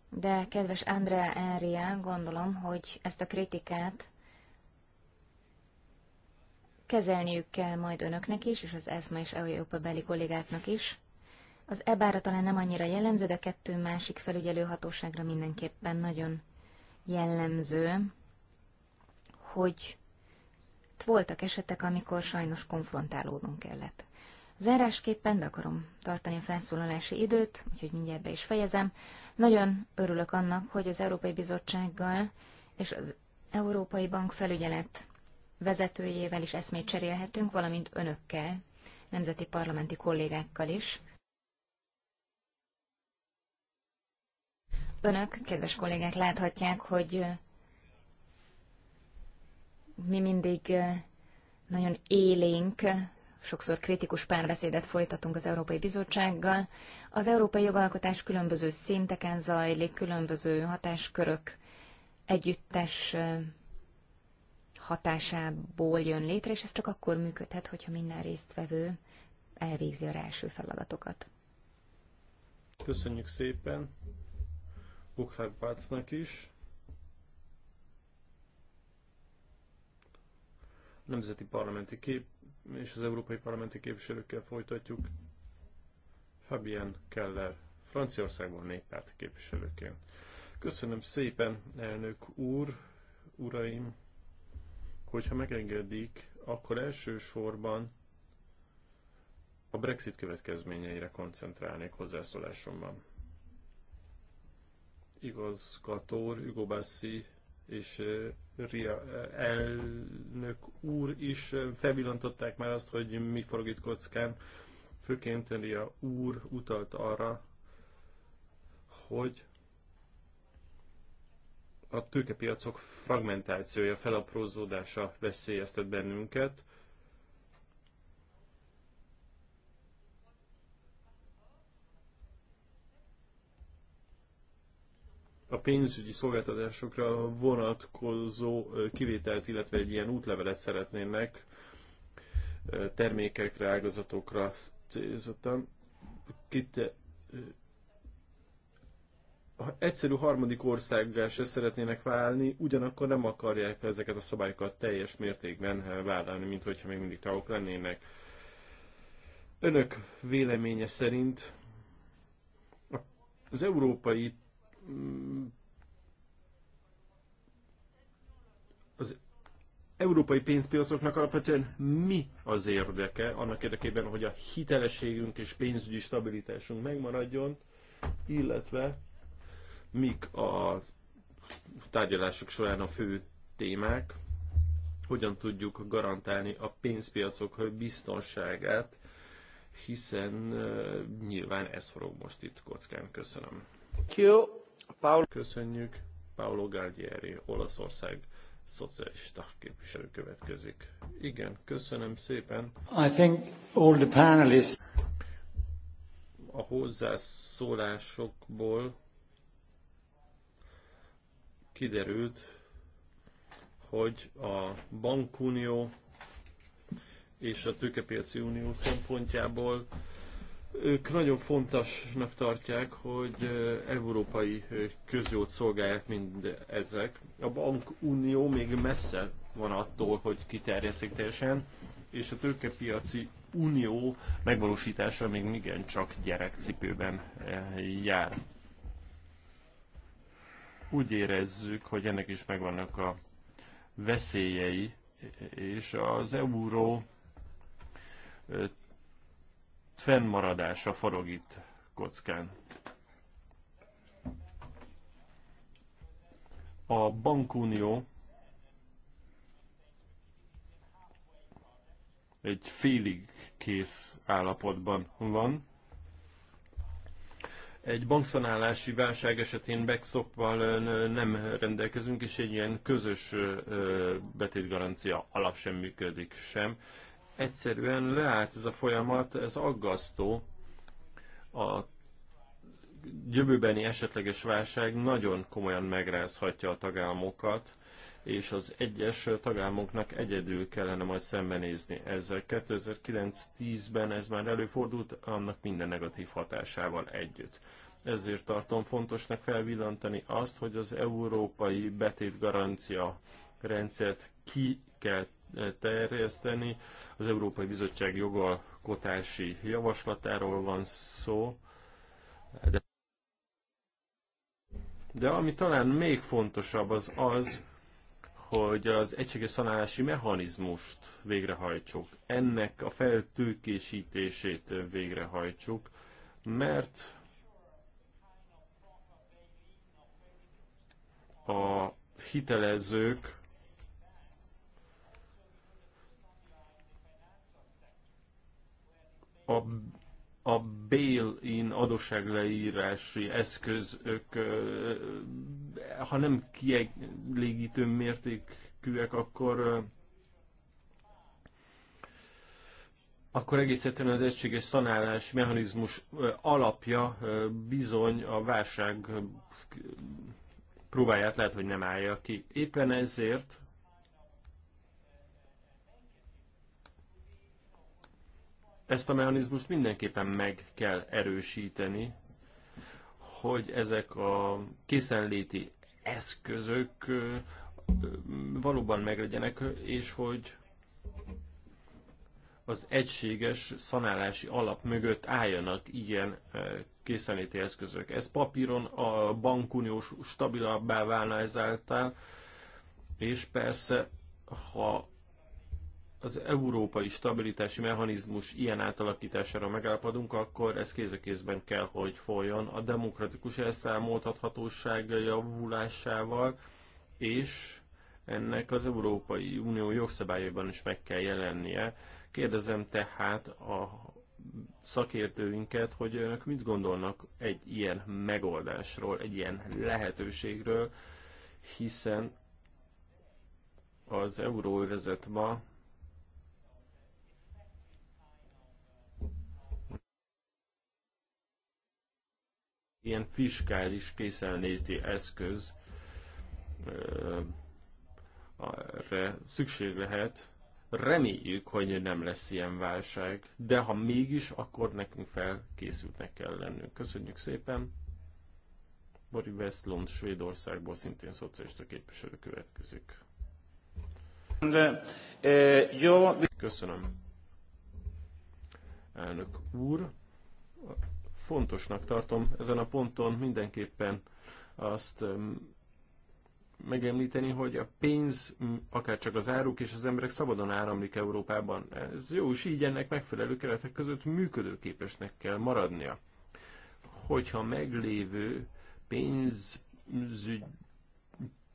De kedves Andrea Enria, gondolom, hogy ezt a kritikát kezelniük kell majd önöknek is, és az ESMA és Európa beli kollégáknak is, az ebára talán nem annyira jellemző, de kettő másik felügyelőhatóságra mindenképpen nagyon jellemző, hogy voltak esetek, amikor sajnos konfrontálódnunk kellett. Zárásképpen be akarom tartani a felszólalási időt, úgyhogy mindjárt be is fejezem. Nagyon örülök annak, hogy az Európai Bizottsággal és az Európai Bank felügyelet vezetőjével is eszmét cserélhetünk, valamint önökkel, nemzeti parlamenti kollégákkal is. Önök, kedves kollégák, láthatják, hogy mi mindig nagyon élénk, sokszor kritikus párbeszédet folytatunk az Európai Bizottsággal. Az európai jogalkotás különböző szinteken zajlik, különböző hatáskörök együttes hatásából jön létre, és ez csak akkor működhet, hogyha minden résztvevő elvégzi a rá első feladatokat. Köszönjük szépen! Burkhard Bácnak is. A nemzeti parlamenti kép és az európai parlamenti képviselőkkel folytatjuk. Fabien Keller, Franciaországban néppárti képviselőként. Köszönöm szépen, elnök úr, uraim, hogyha megengedik, akkor elsősorban a Brexit következményeire koncentrálnék hozzászólásomban igazgató Hugo Bassi és Ria elnök úr is felvillantották már azt, hogy mi forog itt kockán. Főként Ria úr utalt arra, hogy a tőkepiacok fragmentációja, felaprózódása veszélyeztet bennünket. a pénzügyi szolgáltatásokra vonatkozó kivételt, illetve egy ilyen útlevelet szeretnének termékekre, ágazatokra célzottan. Kit, egyszerű harmadik országgal se szeretnének válni, ugyanakkor nem akarják ezeket a szabályokat teljes mértékben vállalni, mint hogyha még mindig tagok lennének. Önök véleménye szerint az európai Mm. az európai pénzpiacoknak alapvetően mi az érdeke annak érdekében, hogy a hitelességünk és pénzügyi stabilitásunk megmaradjon, illetve mik a tárgyalások során a fő témák, hogyan tudjuk garantálni a pénzpiacok biztonságát, hiszen uh, nyilván ez forog most itt kockán. Köszönöm. Köszönöm. Paolo... Köszönjük. Paolo Galdieri, Olaszország szocialista képviselő következik. Igen, köszönöm szépen. I think all the panelists... A hozzászólásokból kiderült, hogy a bankunió és a tőkepiaci unió szempontjából ők nagyon fontosnak tartják, hogy európai közjót szolgálják mind ezek. A bankunió még messze van attól, hogy kiterjeszik teljesen, és a tőkepiaci unió megvalósítása még igen csak gyerekcipőben jár. Úgy érezzük, hogy ennek is megvannak a veszélyei, és az euró fennmaradása forog itt kockán. A bankunió egy félig kész állapotban van. Egy bankszanálási válság esetén backstopval nem rendelkezünk, és egy ilyen közös betétgarancia alap sem működik sem egyszerűen leállt ez a folyamat, ez aggasztó. A jövőbeni esetleges válság nagyon komolyan megrázhatja a tagállamokat, és az egyes tagállamoknak egyedül kellene majd szembenézni ezzel. 2009-10-ben ez már előfordult, annak minden negatív hatásával együtt. Ezért tartom fontosnak felvillantani azt, hogy az európai betétgarancia rendszert ki kell terjeszteni. Az Európai Bizottság jogalkotási javaslatáról van szó. De, de ami talán még fontosabb az az, hogy az egységes szanálási mechanizmust végrehajtsuk, ennek a feltőkésítését végrehajtsuk, mert a hitelezők a, a bail-in adósságleírási eszközök, ha nem kielégítő mértékűek, akkor akkor egész egyszerűen az egységes szanálás mechanizmus alapja bizony a válság próbáját lehet, hogy nem állja ki. Éppen ezért Ezt a mechanizmust mindenképpen meg kell erősíteni, hogy ezek a készenléti eszközök valóban meglegyenek, és hogy az egységes szanálási alap mögött álljanak ilyen készenléti eszközök. Ez papíron a bankuniós stabilabbá válna ezáltal, és persze, ha az európai stabilitási mechanizmus ilyen átalakítására megállapodunk, akkor ez kéz a kézben kell, hogy folyjon a demokratikus elszámoltathatóság javulásával, és ennek az Európai Unió jogszabályában is meg kell jelennie. Kérdezem tehát a szakértőinket, hogy önök mit gondolnak egy ilyen megoldásról, egy ilyen lehetőségről, hiszen az euróövezet ma ilyen fiskális készenléti eszköz erre szükség lehet. Reméljük, hogy nem lesz ilyen válság, de ha mégis, akkor nekünk felkészültnek kell lennünk. Köszönjük szépen! Bori Westlund Svédországból szintén szocialista képviselő következik. Köszönöm. Elnök úr, fontosnak tartom ezen a ponton mindenképpen azt megemlíteni, hogy a pénz, akár csak az áruk és az emberek szabadon áramlik Európában. Ez jó, és így ennek megfelelő keretek között működőképesnek kell maradnia. Hogyha meglévő pénzügy,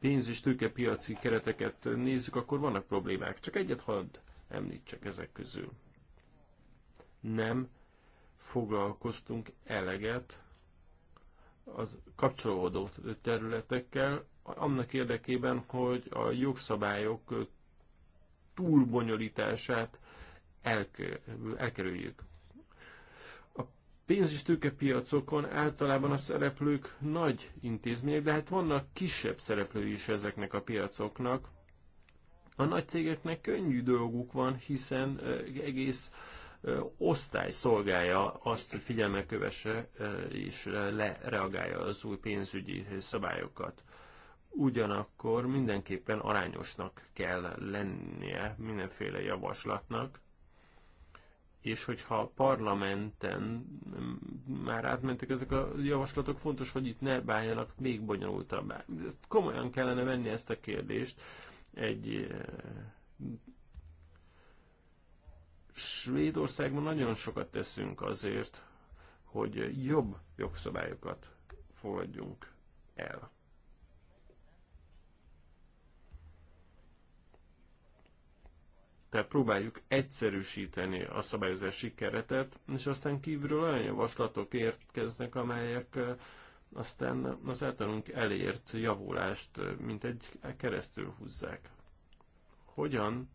pénz és tőkepiaci kereteket nézzük, akkor vannak problémák. Csak egyet hadd említsek ezek közül. Nem foglalkoztunk eleget az kapcsolódó területekkel, annak érdekében, hogy a jogszabályok túlbonyolítását elkerüljük. A pénz- és tőkepiacokon általában a szereplők nagy intézmények, de hát vannak kisebb szereplői is ezeknek a piacoknak. A nagy cégeknek könnyű dolguk van, hiszen egész osztály szolgálja azt, hogy figyelme kövesse és lereagálja az új pénzügyi szabályokat. Ugyanakkor mindenképpen arányosnak kell lennie mindenféle javaslatnak, és hogyha a parlamenten már átmentek ezek a javaslatok, fontos, hogy itt ne bánjanak még bonyolultabbá. Ezt komolyan kellene venni ezt a kérdést egy Svédországban nagyon sokat teszünk azért, hogy jobb jogszabályokat fogadjunk el. Tehát próbáljuk egyszerűsíteni a szabályozási keretet, és aztán kívülről olyan javaslatok érkeznek, amelyek aztán az általunk elért javulást mint egy keresztül húzzák. Hogyan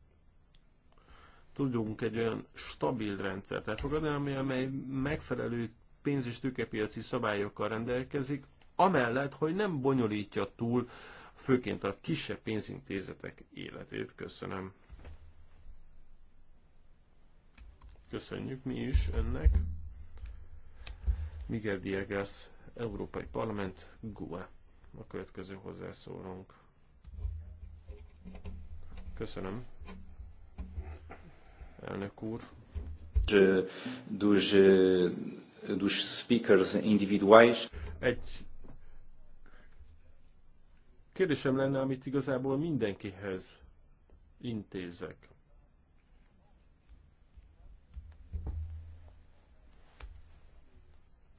tudjunk egy olyan stabil rendszert elfogadni, ami, amely megfelelő pénz- és tőkepiaci szabályokkal rendelkezik, amellett, hogy nem bonyolítja túl főként a kisebb pénzintézetek életét. Köszönöm. Köszönjük mi is ennek. Miguel Diegas, Európai Parlament, GUE. A következő hozzászólunk. Köszönöm, elnök úr. Dos, dos e, speakers individuais. Egy kérdésem lenne, amit igazából mindenkihez intézek.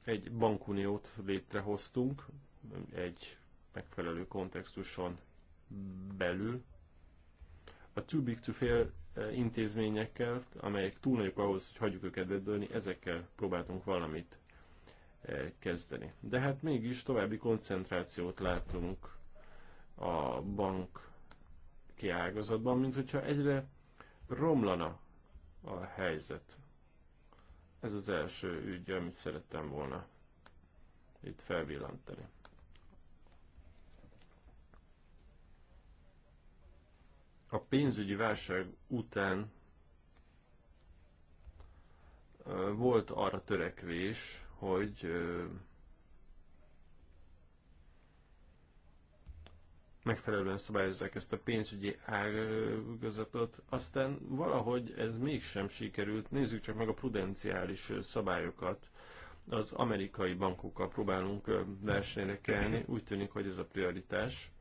Egy bankuniót létrehoztunk, egy megfelelő kontextuson belül. A too big to fail intézményekkel, amelyek túl nagyok ahhoz, hogy hagyjuk őket bedőlni, ezekkel próbáltunk valamit eh, kezdeni. De hát mégis további koncentrációt látunk a bank kiágazatban, mint hogyha egyre romlana a helyzet. Ez az első ügy, amit szerettem volna itt felvillantani. A pénzügyi válság után volt arra törekvés, hogy megfelelően szabályozzák ezt a pénzügyi ágazatot. Aztán valahogy ez mégsem sikerült. Nézzük csak meg a prudenciális szabályokat. Az amerikai bankokkal próbálunk versenyre kelni. Úgy tűnik, hogy ez a prioritás.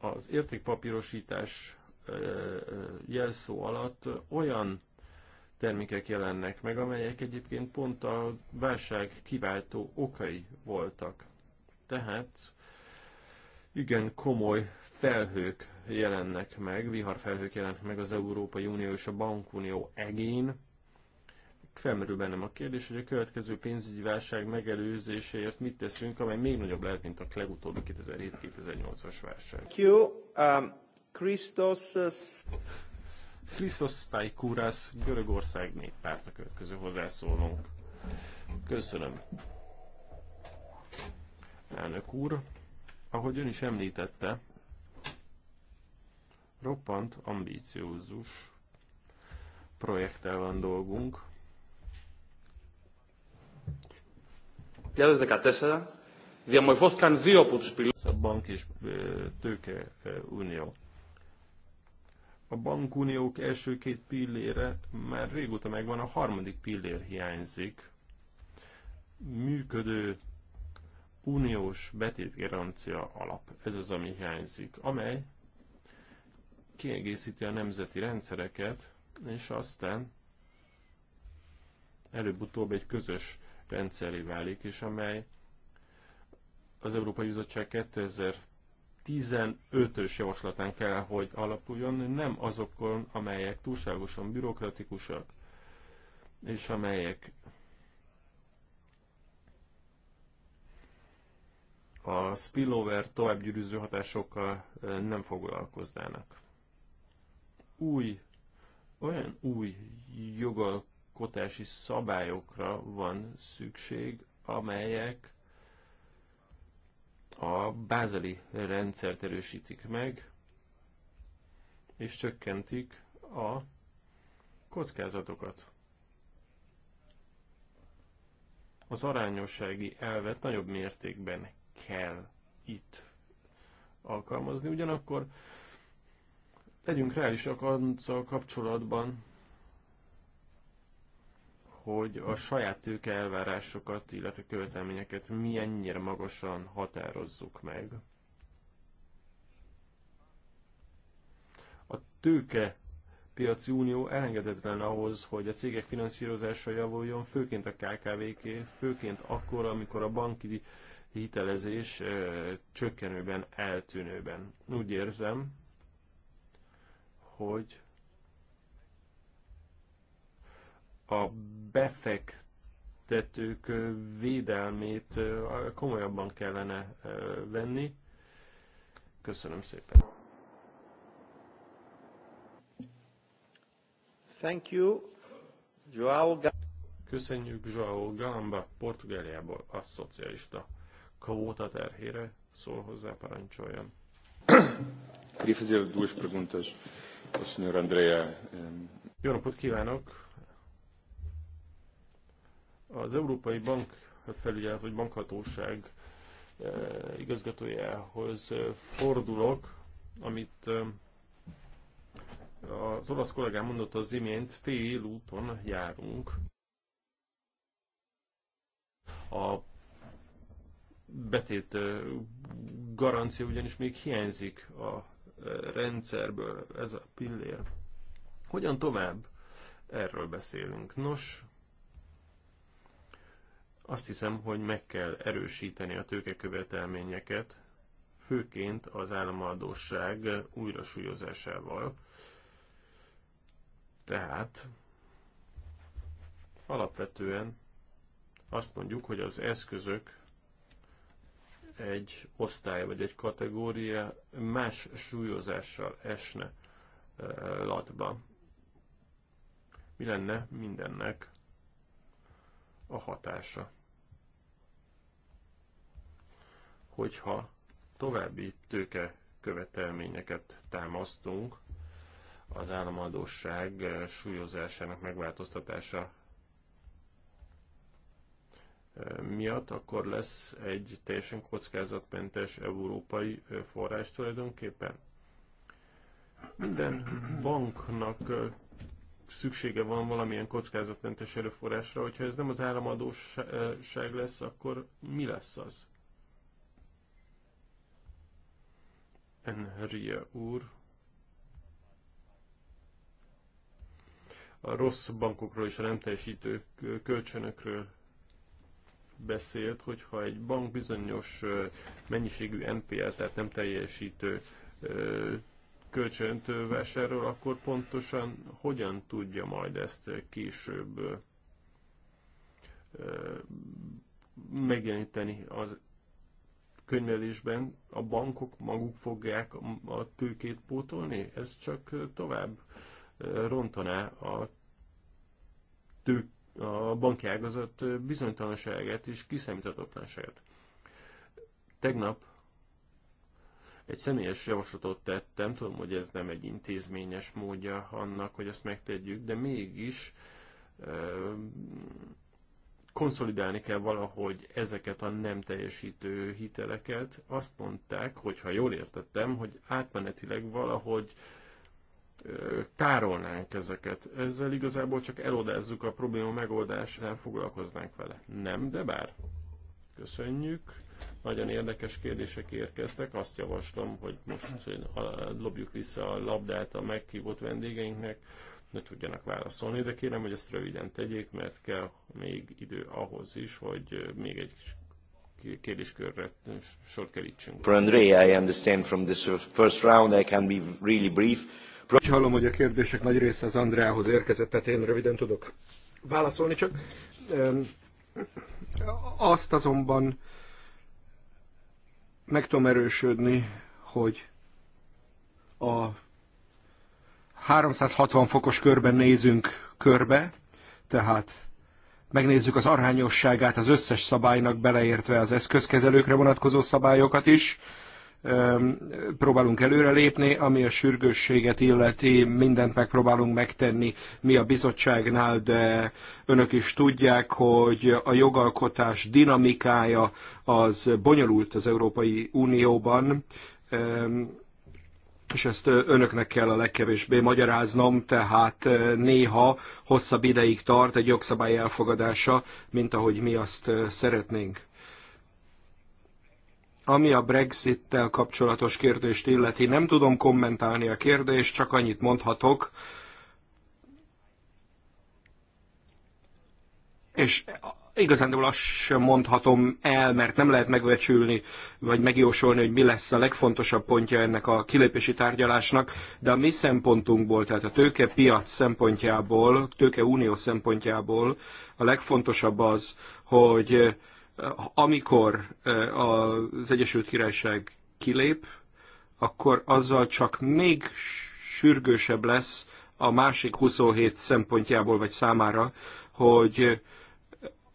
az értékpapírosítás jelszó alatt olyan termékek jelennek meg, amelyek egyébként pont a válság kiváltó okai voltak. Tehát igen komoly felhők jelennek meg, viharfelhők jelennek meg az Európai Unió és a Bankunió egén, Felmerül bennem a kérdés, hogy a következő pénzügyi válság megelőzéséért mit teszünk, amely még nagyobb lehet, mint a legutóbbi 2007-2008-as válság. Q, um, Christos... Uh, Christos Staikouras, Görögország néppárt a következő hozzászólónk. Köszönöm. Elnök úr, ahogy ön is említette, roppant ambíciózus projekttel van dolgunk, 2014 διαμορφώθηκαν δύο από τους πυλώνες. Szóval a Bankis és tőke unió. A bankuniók első két pillére már régóta megvan, a harmadik pillér hiányzik. Működő uniós betétgarancia alap. Ez az, ami hiányzik, amely kiegészíti a nemzeti rendszereket, és aztán előbb-utóbb egy közös rendszeré válik, és amely az Európai Bizottság 2015-ös javaslatán kell, hogy alapuljon, nem azokon, amelyek túlságosan bürokratikusak, és amelyek a spillover továbbgyűrűző hatásokkal eh, nem foglalkoznának. Új, olyan új jogal alkotási szabályokra van szükség, amelyek a bázeli rendszert erősítik meg, és csökkentik a kockázatokat. Az arányossági elvet nagyobb mértékben kell itt alkalmazni, ugyanakkor legyünk reálisak azzal kapcsolatban, hogy a saját tőke elvárásokat, illetve követelményeket milyennyire magasan határozzuk meg. A tőke piaci unió elengedetlen ahhoz, hogy a cégek finanszírozása javuljon, főként a KKV-ké, főként akkor, amikor a banki hitelezés eh, csökkenőben, eltűnőben. Úgy érzem, hogy a befektetők védelmét komolyabban kellene venni. Köszönöm szépen. Thank you. João Köszönjük João Galamba, Portugáliából a szocialista kvóta terhére szól hozzá, parancsoljon. Queria fazer duas perguntas ao Sr. Andrea. Jó napot kívánok! Az Európai Bank felügyelet vagy bankhatóság eh, igazgatójához eh, fordulok, amit eh, az olasz kollégám mondott az imént, fél úton járunk. A betét garancia ugyanis még hiányzik a rendszerből, ez a pillér. Hogyan tovább? Erről beszélünk. Nos, azt hiszem, hogy meg kell erősíteni a tőkekövetelményeket, főként az államadóság újrasúlyozásával. Tehát alapvetően azt mondjuk, hogy az eszközök egy osztály vagy egy kategória más súlyozással esne eh, latba. Mi lenne mindennek a hatása? hogyha további tőke követelményeket támasztunk, az államadóság súlyozásának megváltoztatása miatt, akkor lesz egy teljesen kockázatmentes európai forrás tulajdonképpen. Minden banknak szüksége van valamilyen kockázatmentes erőforrásra, hogyha ez nem az államadóság lesz, akkor mi lesz az? Enrie úr. A rossz bankokról és a nem teljesítő kölcsönökről beszélt, hogyha egy bank bizonyos mennyiségű NPL, tehát nem teljesítő kölcsönt vásárol, akkor pontosan hogyan tudja majd ezt később megjeleníteni az könyvelésben a bankok maguk fogják a tőkét pótolni? Ez csak tovább eh, rontaná a, tő, a banki ágazat eh, bizonytalanságát és kiszámíthatatlanságát. Tegnap egy személyes javaslatot tettem, tudom, hogy ez nem egy intézményes módja annak, hogy ezt megtegyük, de mégis eh, konszolidálni kell valahogy ezeket a nem teljesítő hiteleket. Azt mondták, hogy ha jól értettem, hogy átmenetileg valahogy tárolnánk ezeket. Ezzel igazából csak elodázzuk a probléma ezzel foglalkoznánk vele. Nem, de bár. Köszönjük. Nagyon érdekes kérdések érkeztek. Azt javaslom, hogy most lobjuk vissza a labdát a meghívott vendégeinknek, ne tudjanak válaszolni, de kérem, hogy ezt röviden tegyék, mert kell még idő ahhoz is, hogy még egy kis kérdéskörre sor kerítsünk. For André, I understand from this first round I can be really brief. Úgy hallom, hogy a kérdések nagy része az Andreához érkezett, tehát én röviden tudok válaszolni csak. Azt azonban meg tudom erősödni, hogy a 360 fokos körben nézünk körbe, tehát megnézzük az arányosságát az összes szabálynak, beleértve az eszközkezelőkre vonatkozó szabályokat is. Próbálunk előrelépni, ami a sürgősséget illeti, mindent megpróbálunk megtenni mi a bizottságnál, de önök is tudják, hogy a jogalkotás dinamikája az bonyolult az Európai Unióban és ezt önöknek kell a legkevésbé magyaráznom, tehát néha hosszabb ideig tart egy jogszabály elfogadása, mint ahogy mi azt szeretnénk. Ami a Brexit-tel kapcsolatos kérdést illeti, nem tudom kommentálni a kérdést, csak annyit mondhatok, és igazánból azt sem mondhatom el, mert nem lehet megvecsülni, vagy megjósolni, hogy mi lesz a legfontosabb pontja ennek a kilépési tárgyalásnak, de a mi szempontunkból, tehát a piac szempontjából, unió szempontjából a legfontosabb az, hogy eh, amikor eh, az Egyesült Királyság kilép, akkor azzal csak még sürgősebb lesz a másik 27 szempontjából vagy számára, hogy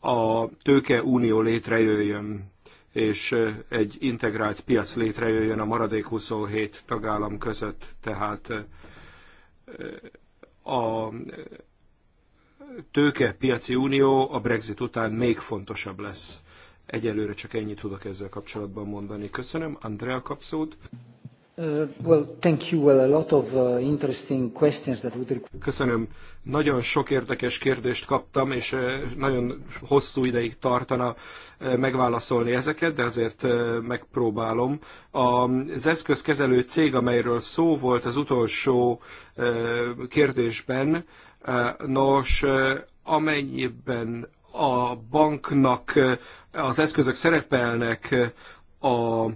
a tőke unió létrejöjjön, és egy integrált piac létrejöjjön a maradék 27 tagállam között, tehát a tőke piaci unió a Brexit után még fontosabb lesz. Egyelőre csak ennyit tudok ezzel kapcsolatban mondani. Köszönöm. Andrea kapszót a Köszönöm. Nagyon sok érdekes kérdést kaptam, és uh, nagyon hosszú ideig tartana uh, megválaszolni ezeket, de azért uh, megpróbálom. Az eszközkezelő cég, amelyről szó volt az utolsó kérdésben, nos, amennyiben a banknak az eszközök szerepelnek a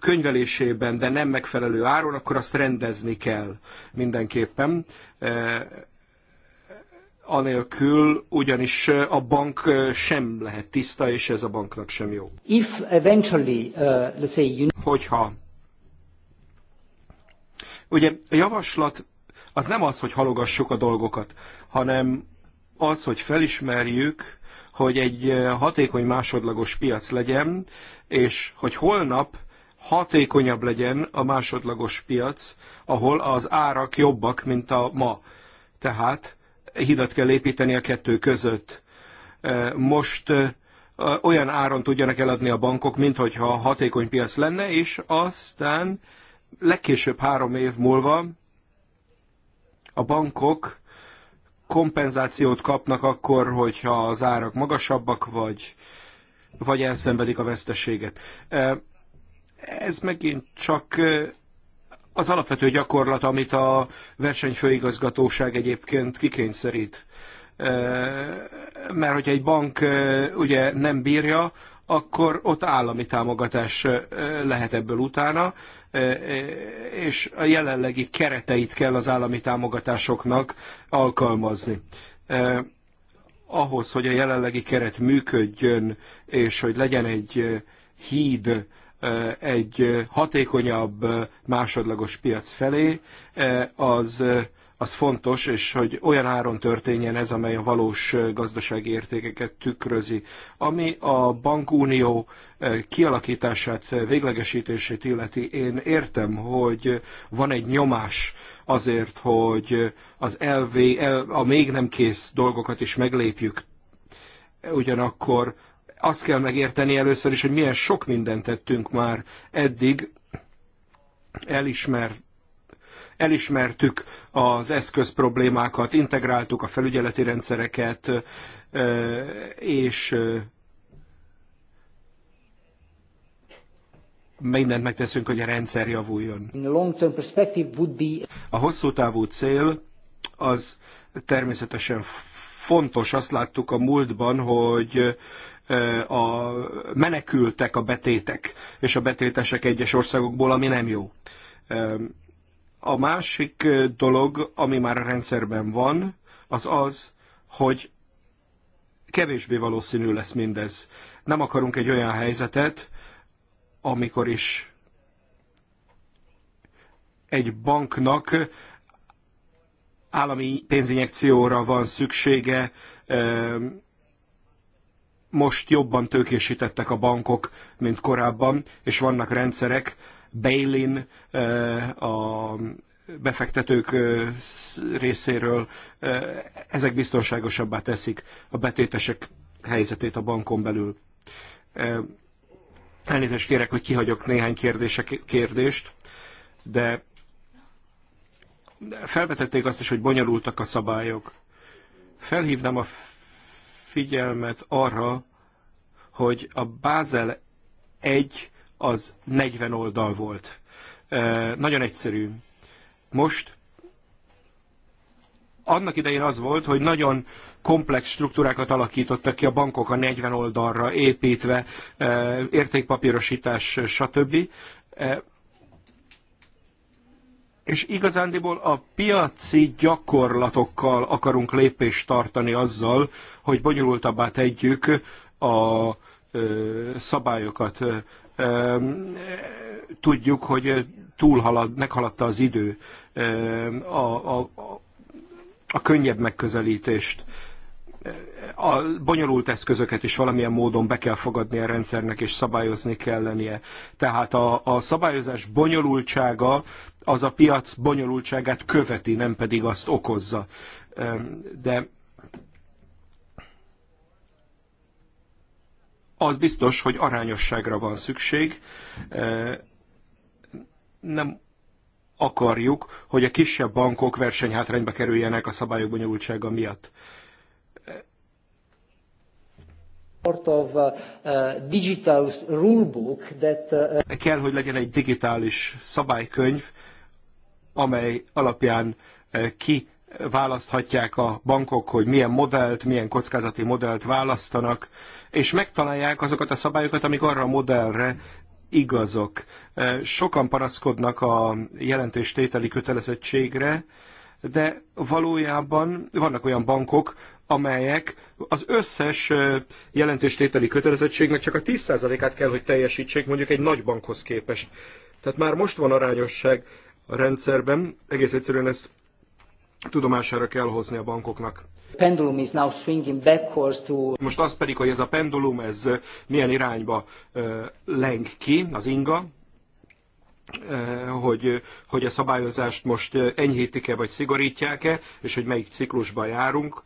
könyvelésében, de nem megfelelő áron, akkor azt rendezni kell mindenképpen anélkül ugyanis a bank sem lehet tiszta, és ez a banknak sem jó. If eventually, uh, let's say you... Hogyha. Ugye a javaslat az nem az, hogy halogassuk a dolgokat, hanem az, hogy felismerjük, hogy egy hatékony másodlagos piac legyen, és hogy holnap hatékonyabb legyen a másodlagos piac, ahol az árak jobbak, mint a ma. Tehát hidat kell építeni a kettő között. E, most e, olyan áron tudjanak eladni a bankok, mintha hatékony piac lenne, és aztán legkésőbb három év múlva a bankok kompenzációt kapnak akkor, hogyha az árak magasabbak, vagy vagy elszenvedik a veszteséget. Ez megint csak az alapvető gyakorlat, amit a versenyfőigazgatóság egyébként kikényszerít. Mert hogyha egy bank ugye nem bírja, akkor ott állami támogatás lehet ebből utána, és a jelenlegi kereteit kell az állami támogatásoknak alkalmazni ahhoz, hogy a jelenlegi keret működjön, és hogy legyen egy híd egy hatékonyabb másodlagos piac felé, az az fontos, és hogy olyan áron történjen ez, amely a valós gazdasági értékeket tükrözi. Ami a bankunió eh, kialakítását, eh, véglegesítését illeti, én értem, hogy van egy nyomás azért, hogy az LV, a még nem kész dolgokat is meglépjük. Ugyanakkor azt kell megérteni először is, hogy milyen sok mindent tettünk már eddig, elismert elismertük az eszköz problémákat, integráltuk a felügyeleti rendszereket, és mindent megteszünk, hogy a rendszer javuljon. A hosszú távú cél az természetesen fontos. Azt láttuk a múltban, hogy a menekültek a betétek, és a betétesek egyes országokból, ami nem jó. A másik dolog, ami már a rendszerben van, az az, hogy kevésbé valószínű lesz mindez. Nem akarunk egy olyan helyzetet, amikor is egy banknak állami pénzinjekcióra van szüksége, most jobban tőkésítettek a bankok, mint korábban, és vannak rendszerek, bail-in eh, a befektetők eh, részéről, eh, ezek biztonságosabbá teszik a betétesek helyzetét a bankon belül. Elnézést kérek, hogy kihagyok néhány kérdése, kérdést, de felvetették azt is, hogy bonyolultak a szabályok. Felhívnám a figyelmet arra, hogy a Bázel egy az 40 oldal volt. Nagyon egyszerű. Most annak idején az volt, hogy nagyon komplex struktúrákat alakítottak ki a bankok a 40 oldalra építve, értékpapírosítás, stb. És igazándiból a piaci gyakorlatokkal akarunk lépést tartani azzal, hogy bonyolultabbá tegyük a szabályokat tudjuk, hogy túlhalad, meghaladta az idő a, a, a könnyebb megközelítést. A bonyolult eszközöket is valamilyen módon be kell fogadni a rendszernek, és szabályozni kell lennie. Tehát a, a szabályozás bonyolultsága az a piac bonyolultságát követi, nem pedig azt okozza. De az biztos, hogy arányosságra van szükség. Nem akarjuk, hogy a kisebb bankok versenyhátrányba kerüljenek a szabályok bonyolultsága miatt. Sort of, uh, digital rulebook that, uh... Kell, hogy legyen egy digitális szabálykönyv, amely alapján uh, ki választhatják a bankok, hogy milyen modellt, milyen kockázati modellt választanak, és megtalálják azokat a szabályokat, amik arra a modellre igazok. Sokan panaszkodnak a jelentéstételi kötelezettségre, de valójában vannak olyan bankok, amelyek az összes jelentéstételi kötelezettségnek csak a 10%-át kell, hogy teljesítsék mondjuk egy nagy bankhoz képest. Tehát már most van arányosság a rendszerben, egész egyszerűen ezt tudomására kell hozni a bankoknak. Pendulum is now swinging backwards to... Most az pedig, hogy ez a pendulum, ez milyen irányba leng ki, az inga, hogy, hogy a szabályozást most enyhítik-e vagy szigorítják-e, és hogy melyik ciklusban járunk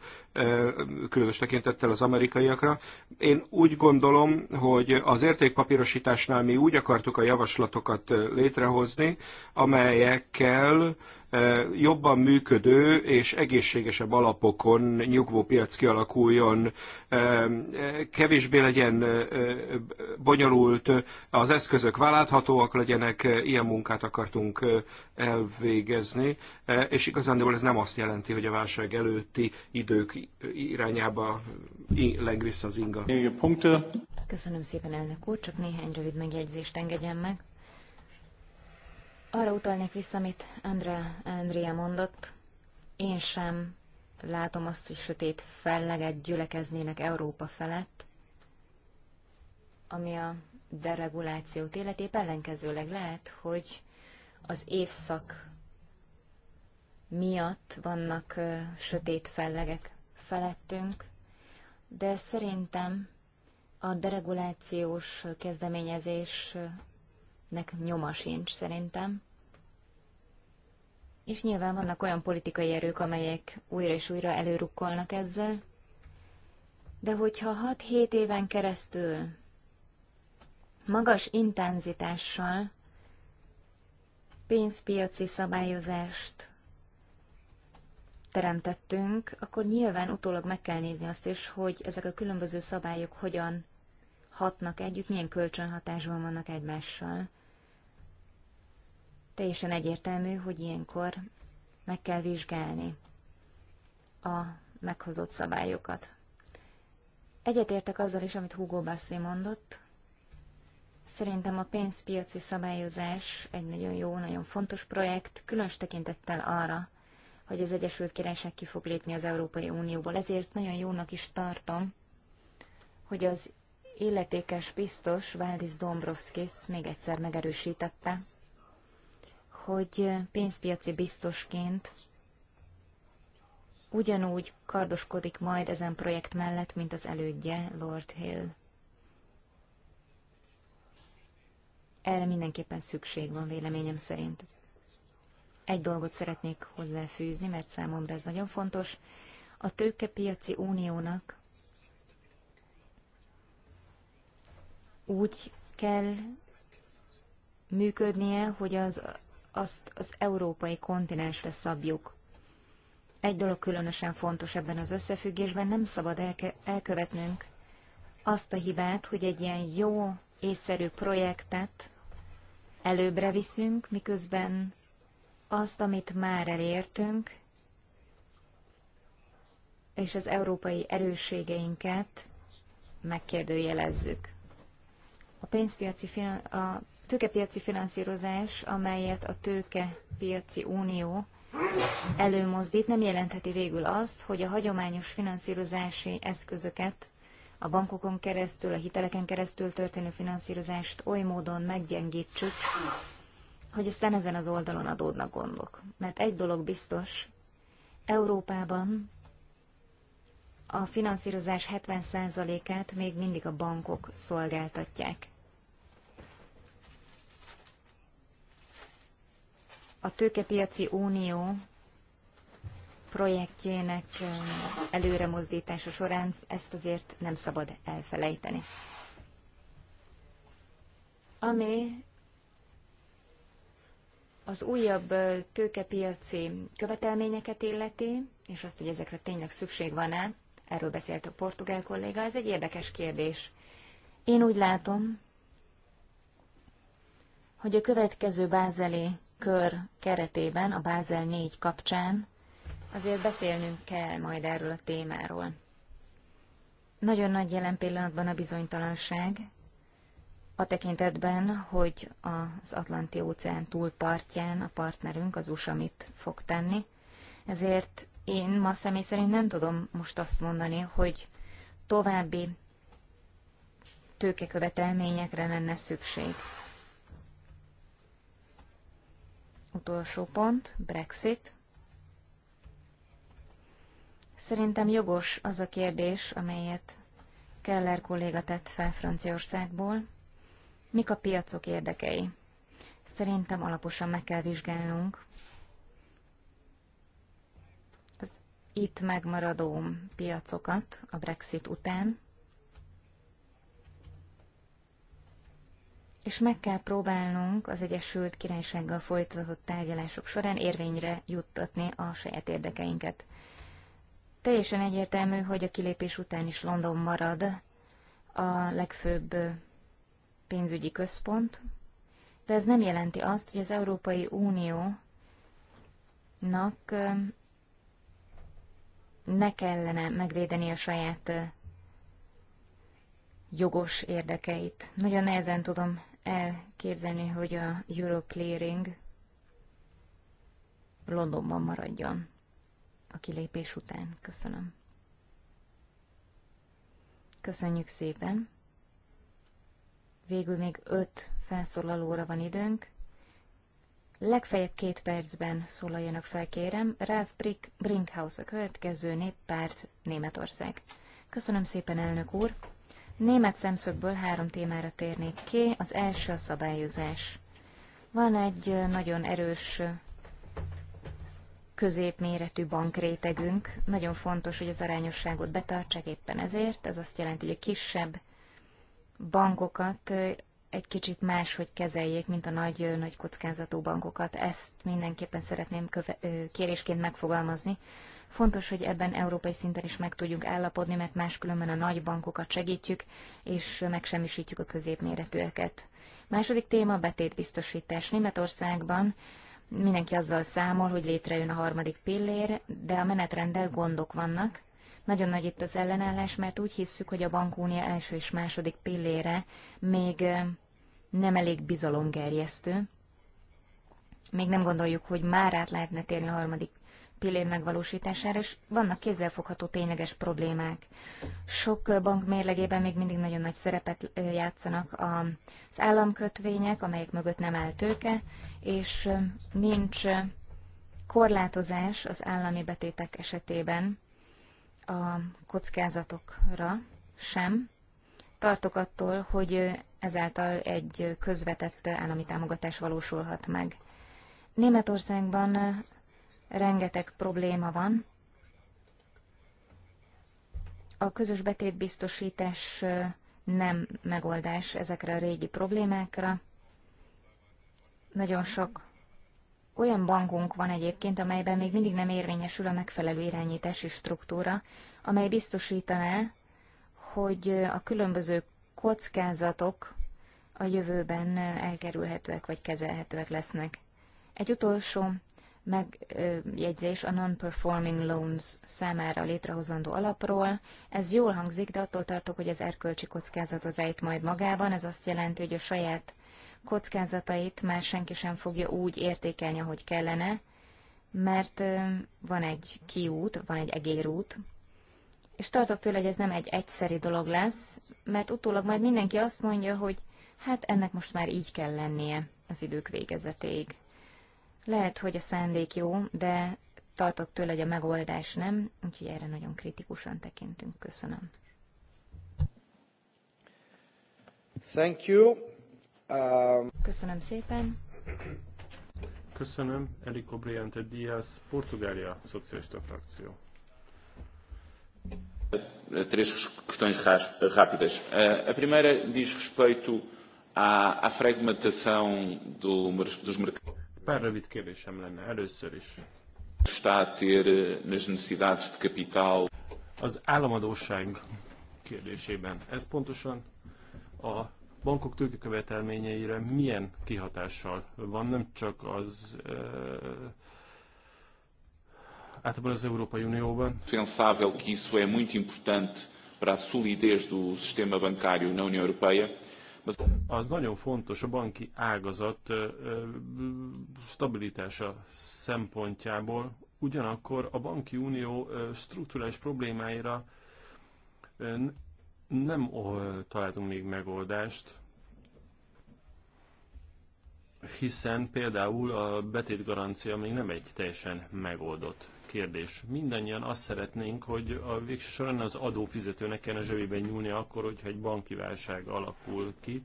különös tekintettel az amerikaiakra. Én úgy gondolom, hogy az értékpapírosításnál mi úgy akartuk a javaslatokat létrehozni, amelyekkel jobban működő és egészségesebb alapokon nyugvó piac kialakuljon, kevésbé legyen bonyolult, az eszközök válláthatóak legyenek, ilyen munkát akartunk elvégezni, és igazándiból ez nem azt jelenti, hogy a válság előtti idők irányába leng vissza az inga. Köszönöm szépen, elnök úr, csak néhány rövid megjegyzést engedjen meg. Arra utalnék vissza, amit Andrea, Andrea mondott. Én sem látom azt, hogy sötét felleget gyülekeznének Európa felett, ami a deregulációt életép ellenkezőleg lehet, hogy az évszak miatt vannak sötét fellegek felettünk, de szerintem a deregulációs kezdeményezésnek nyoma sincs szerintem. És nyilván vannak olyan politikai erők, amelyek újra és újra előrukkolnak ezzel, de hogyha 6-7 éven keresztül magas intenzitással pénzpiaci szabályozást teremtettünk, akkor nyilván utólag meg kell nézni azt is, hogy ezek a különböző szabályok hogyan hatnak együtt, milyen kölcsönhatásban vannak egymással. Teljesen egyértelmű, hogy ilyenkor meg kell vizsgálni a meghozott szabályokat. Egyetértek azzal is, amit Hugo Bassi mondott. Szerintem a pénzpiaci szabályozás egy nagyon jó, nagyon fontos projekt, különös tekintettel arra, hogy az Egyesült Királyság ki fog lépni az Európai Unióból. Ezért nagyon jónak is tartom, hogy az illetékes biztos Valdis Dombrovskis még egyszer megerősítette, hogy pénzpiaci biztosként ugyanúgy kardoskodik majd ezen projekt mellett, mint az elődje, Lord Hill. Erre mindenképpen szükség van véleményem szerint. Egy dolgot szeretnék hozzáfűzni, mert számomra ez nagyon fontos. A tőkepiaci uniónak úgy kell működnie, hogy az, azt az európai kontinensre szabjuk. Egy dolog különösen fontos ebben az összefüggésben, nem szabad elke, elkövetnünk azt a hibát, hogy egy ilyen jó, észszerű projektet előbbre viszünk, miközben azt, amit már elértünk, és az európai erősségeinket megkérdőjelezzük. A pénzpiaci, a tőkepiaci finanszírozás, amelyet a tőkepiaci unió előmozdít, nem jelentheti végül azt, hogy a hagyományos finanszírozási eszközöket a bankokon keresztül, a hiteleken keresztül történő finanszírozást oly módon meggyengítsük, hogy aztán ezen az oldalon adódnak gondok. Mert egy dolog biztos, Európában a finanszírozás 70%-át még mindig a bankok szolgáltatják. A tőkepiaci unió projektjének előremozdítása során ezt azért nem szabad elfelejteni. Ami az újabb tőkepiaci követelményeket illeti, és azt, hogy ezekre tényleg szükség van-e, erről beszélt a portugál kolléga, ez egy érdekes kérdés. Én úgy látom, hogy a következő bázeli kör keretében, a Bázel 4 kapcsán azért beszélnünk kell majd erről a témáról. Nagyon nagy jelen pillanatban a bizonytalanság, a tekintetben, hogy az Atlanti óceán túlpartján a partnerünk, az USA mit fog tenni. Ezért én ma személy szerint nem tudom most azt mondani, hogy további tőkekövetelményekre lenne szükség. Utolsó pont, Brexit. Szerintem jogos az a kérdés, amelyet Keller kolléga tett fel Franciaországból. Mik a piacok érdekei? Szerintem alaposan meg kell vizsgálnunk az itt megmaradó piacokat a Brexit után, és meg kell próbálnunk az Egyesült Királysággal folytatott tárgyalások során érvényre juttatni a saját érdekeinket. Teljesen egyértelmű, hogy a kilépés után is London marad a legfőbb pénzügyi központ, de ez nem jelenti azt, hogy az Európai Uniónak ne kellene megvédeni a saját jogos érdekeit. Nagyon nehezen tudom elképzelni, hogy a Euroclearing Londonban maradjon a kilépés után. Köszönöm. Köszönjük szépen. Végül még öt felszólalóra van időnk. Legfeljebb két percben szólaljanak fel, kérem. Ralf Brick, Brinkhaus a következő néppárt Németország. Köszönöm szépen, elnök úr. Német szemszögből három témára térnék ki. Az első a szabályozás. Van egy nagyon erős középméretű bankrétegünk. Nagyon fontos, hogy az arányosságot betartsák éppen ezért. Ez azt jelenti, hogy a kisebb bankokat egy kicsit máshogy kezeljék, mint a nagy, nagy kockázatú bankokat. Ezt mindenképpen szeretném köve- kérésként megfogalmazni. Fontos, hogy ebben európai szinten is meg tudjunk állapodni, mert máskülönben a nagy bankokat segítjük, és megsemmisítjük a középméretűeket. Második téma betétbiztosítás. Németországban mindenki azzal számol, hogy létrejön a harmadik pillér, de a menetrenddel gondok vannak. Nagyon nagy itt az ellenállás, mert úgy hisszük, hogy a bankónia első és második pillére még eh, nem elég bizalomgerjesztő. Még nem gondoljuk, hogy már át lehetne térni a harmadik pillér megvalósítására, és vannak kézzelfogható tényleges problémák. Sok eh, bank mérlegében még mindig nagyon nagy szerepet eh, játszanak az államkötvények, amelyek mögött nem áll tőke, és nincs korlátozás az állami betétek esetében, a kockázatokra sem. Tartok attól, hogy ezáltal egy közvetett állami támogatás valósulhat meg. Németországban rengeteg probléma van. A közös betétbiztosítás nem megoldás ezekre a régi problémákra. Nagyon sok olyan bankunk van egyébként, amelyben még mindig nem érvényesül a megfelelő irányítási struktúra, amely biztosítaná, hogy a különböző kockázatok a jövőben elkerülhetőek vagy kezelhetőek lesznek. Egy utolsó megjegyzés a non-performing loans számára létrehozandó alapról. Ez jól hangzik, de attól tartok, hogy ez erkölcsi kockázatot rejt majd magában. Ez azt jelenti, hogy a saját kockázatait már senki sem fogja úgy értékelni, ahogy kellene, mert van egy kiút, van egy egérút, és tartok tőle, hogy ez nem egy egyszeri dolog lesz, mert utólag majd mindenki azt mondja, hogy hát ennek most már így kell lennie az idők végezetéig. Lehet, hogy a szándék jó, de tartok tőle, hogy a megoldás nem, úgyhogy erre nagyon kritikusan tekintünk. Köszönöm. Thank you. Um, Köszönöm szépen. Köszönöm. Eliko Briante Diaz, Portugália, Szocialista Frakció. Três questões rápidas. A primeira diz respeito à, à fragmentação do, dos mercados. Pár Está a ter eh, nas necessidades de capital. As államadóság kérdésében. Ez pontosan a bankok tőkekövetelményeire milyen kihatással van, nem csak az e, általában az Európai Unióban. Pensável que isso é muito importante para a solidez do sistema bancário na União Europeia. Mas... Az nagyon fontos a banki ágazat stabilitása szempontjából, ugyanakkor a banki unió struktúrális problémáira nem találtunk még megoldást, hiszen például a betétgarancia még nem egy teljesen megoldott kérdés. Mindannyian azt szeretnénk, hogy a végső során az adófizetőnek kellene zsebében nyúlni akkor, hogyha egy banki válság alakul ki.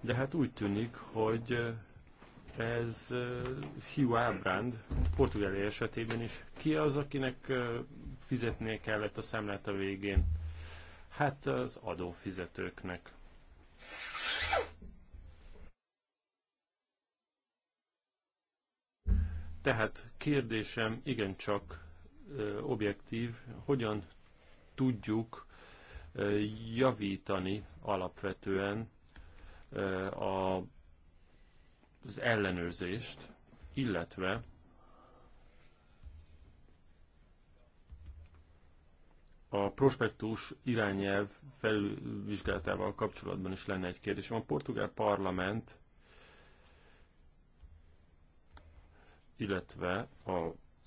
De hát úgy tűnik, hogy ez Hiu Ábránd Portugália esetében is. Ki az, akinek fizetnie kellett a számlát a végén? Hát az adófizetőknek. Tehát kérdésem igencsak objektív, hogyan tudjuk javítani alapvetően az ellenőrzést, illetve A prospektus irányelv felvizsgálatával kapcsolatban is lenne egy kérdésem. A portugál parlament, illetve a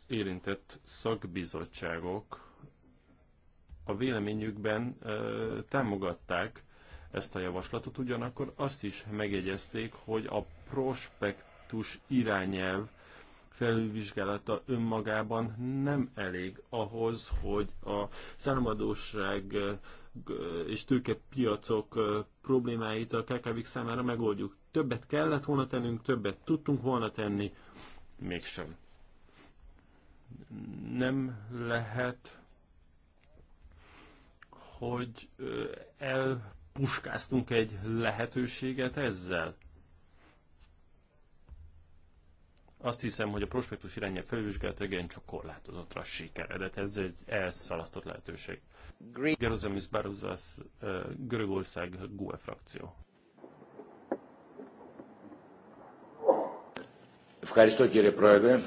érintett szakbizottságok a véleményükben ö, támogatták ezt a javaslatot, ugyanakkor azt is megjegyezték, hogy a prospektus irányelv felülvizsgálata önmagában nem elég ahhoz, hogy a számadóság és tőkepiacok problémáit a kkv számára megoldjuk. Többet kellett volna tennünk, többet tudtunk volna tenni, mégsem. Nem lehet, hogy elpuskáztunk egy lehetőséget ezzel Azt hiszem, hogy a prospektus irányel felvizsgálat igen csak korlátozottra sikeredett. Ez egy elszalasztott lehetőség. Gerozemis Baruzas, Görögország GUE frakció. Ευχαριστώ κύριε Πρόεδρε.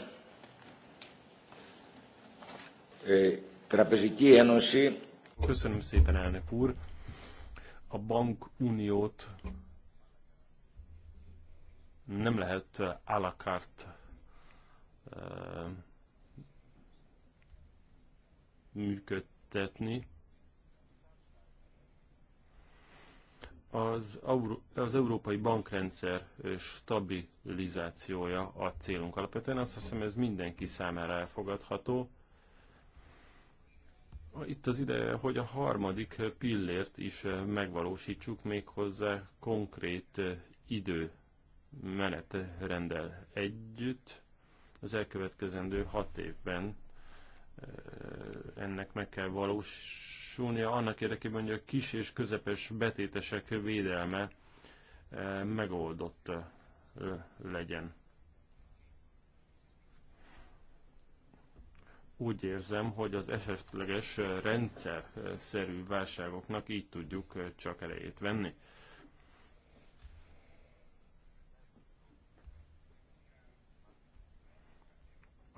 Ε, Τραπεζική Ένωση. Köszönöm szépen, elnök úr. A bankuniót nem lehet alakart működtetni. Az, az európai bankrendszer stabilizációja a célunk alapvetően. Azt hiszem, ez mindenki számára elfogadható. Itt az ideje, hogy a harmadik pillért is megvalósítsuk méghozzá konkrét idő menetrendel rendel együtt. Az elkövetkezendő hat évben eh, ennek meg kell valósulnia annak érdekében, hogy a kis és közepes betétesek védelme eh, megoldott eh, legyen. Úgy érzem, hogy az esetleges rendszer szerű válságoknak így tudjuk csak elejét venni.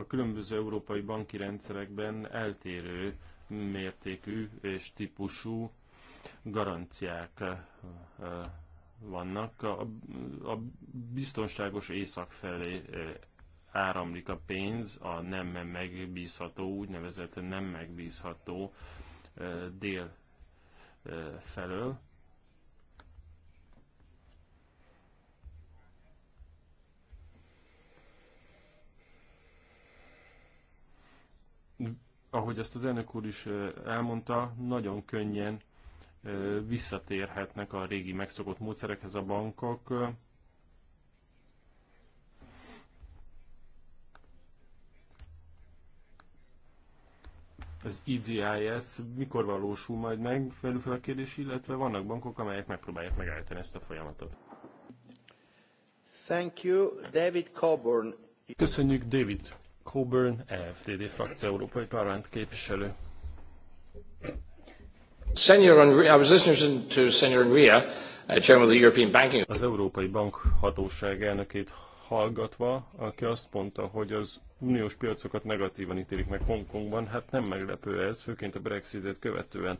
a különböző európai banki rendszerekben eltérő mértékű és típusú garanciák vannak. A, a biztonságos észak felé áramlik a pénz a nem megbízható, úgynevezett nem megbízható dél felől. ahogy azt az elnök úr is elmondta, nagyon könnyen visszatérhetnek a régi megszokott módszerekhez a bankok. Az EGIS mikor valósul majd meg, felül fel a kérdés, illetve vannak bankok, amelyek megpróbálják megállítani ezt a folyamatot. Thank you, David Coburn. Köszönjük, David Coburn, EFTD frakció, Európai Parlament képviselő. Senior Enria, I was listening to Senior Enria, uh, Chairman of the European Banking... Az Európai Bank hatóság elnökét hallgatva, aki azt mondta, hogy az uniós piacokat negatívan ítélik meg Hongkongban, hát nem meglepő ez, főként a Brexitet követően.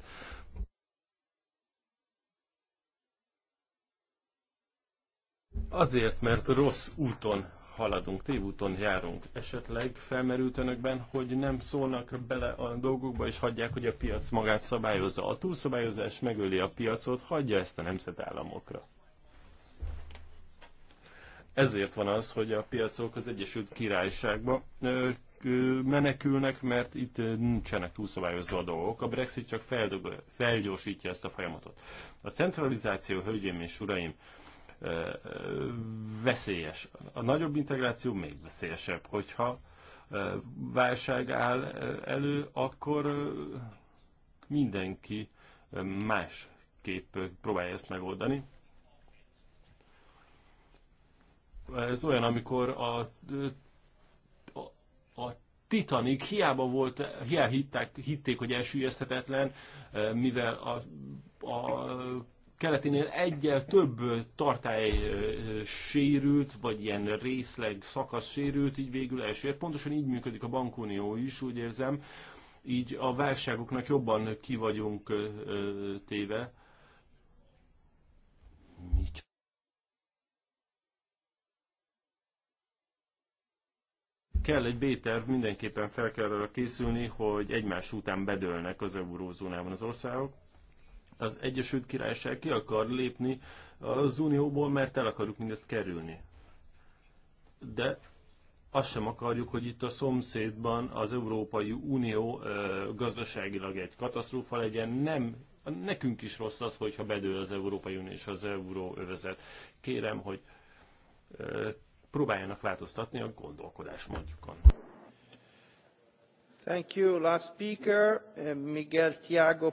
Azért, mert rossz úton haladunk, tévúton járunk. Esetleg felmerült önökben, hogy nem szólnak bele a dolgokba, és hagyják, hogy a piac magát szabályozza. A túlszabályozás megöli a piacot, hagyja ezt a nemzetállamokra. Ezért van az, hogy a piacok az Egyesült Királyságba menekülnek, mert itt nincsenek túlszabályozva a dolgok. A Brexit csak felgyorsítja ezt a folyamatot. A centralizáció, hölgyeim és uraim, veszélyes. A nagyobb integráció még veszélyesebb, hogyha válság áll elő, akkor mindenki másképp próbálja ezt megoldani. Ez olyan, amikor a, a, a Titanic hiába volt, hiába hitták, hitték, hogy elsüllyeszthetetlen, mivel a, a keletinél egyel több tartály sérült, vagy ilyen részleg szakasz sérült, így végül elsőért. Pontosan így működik a bankunió is, úgy érzem. Így a válságoknak jobban ki vagyunk téve. Mit? kell egy B-terv, mindenképpen fel kell arra készülni, hogy egymás után bedőlnek az eurózónában az országok az Egyesült Királyság ki akar lépni az Unióból, mert el akarjuk mindezt kerülni. De azt sem akarjuk, hogy itt a szomszédban az Európai Unió gazdaságilag egy katasztrófa legyen. Nem, nekünk is rossz az, hogyha bedől az Európai Unió és az Euróövezet. Kérem, hogy próbáljanak változtatni a gondolkodásmódjukon. Thank you. Last speaker, Miguel Tiago.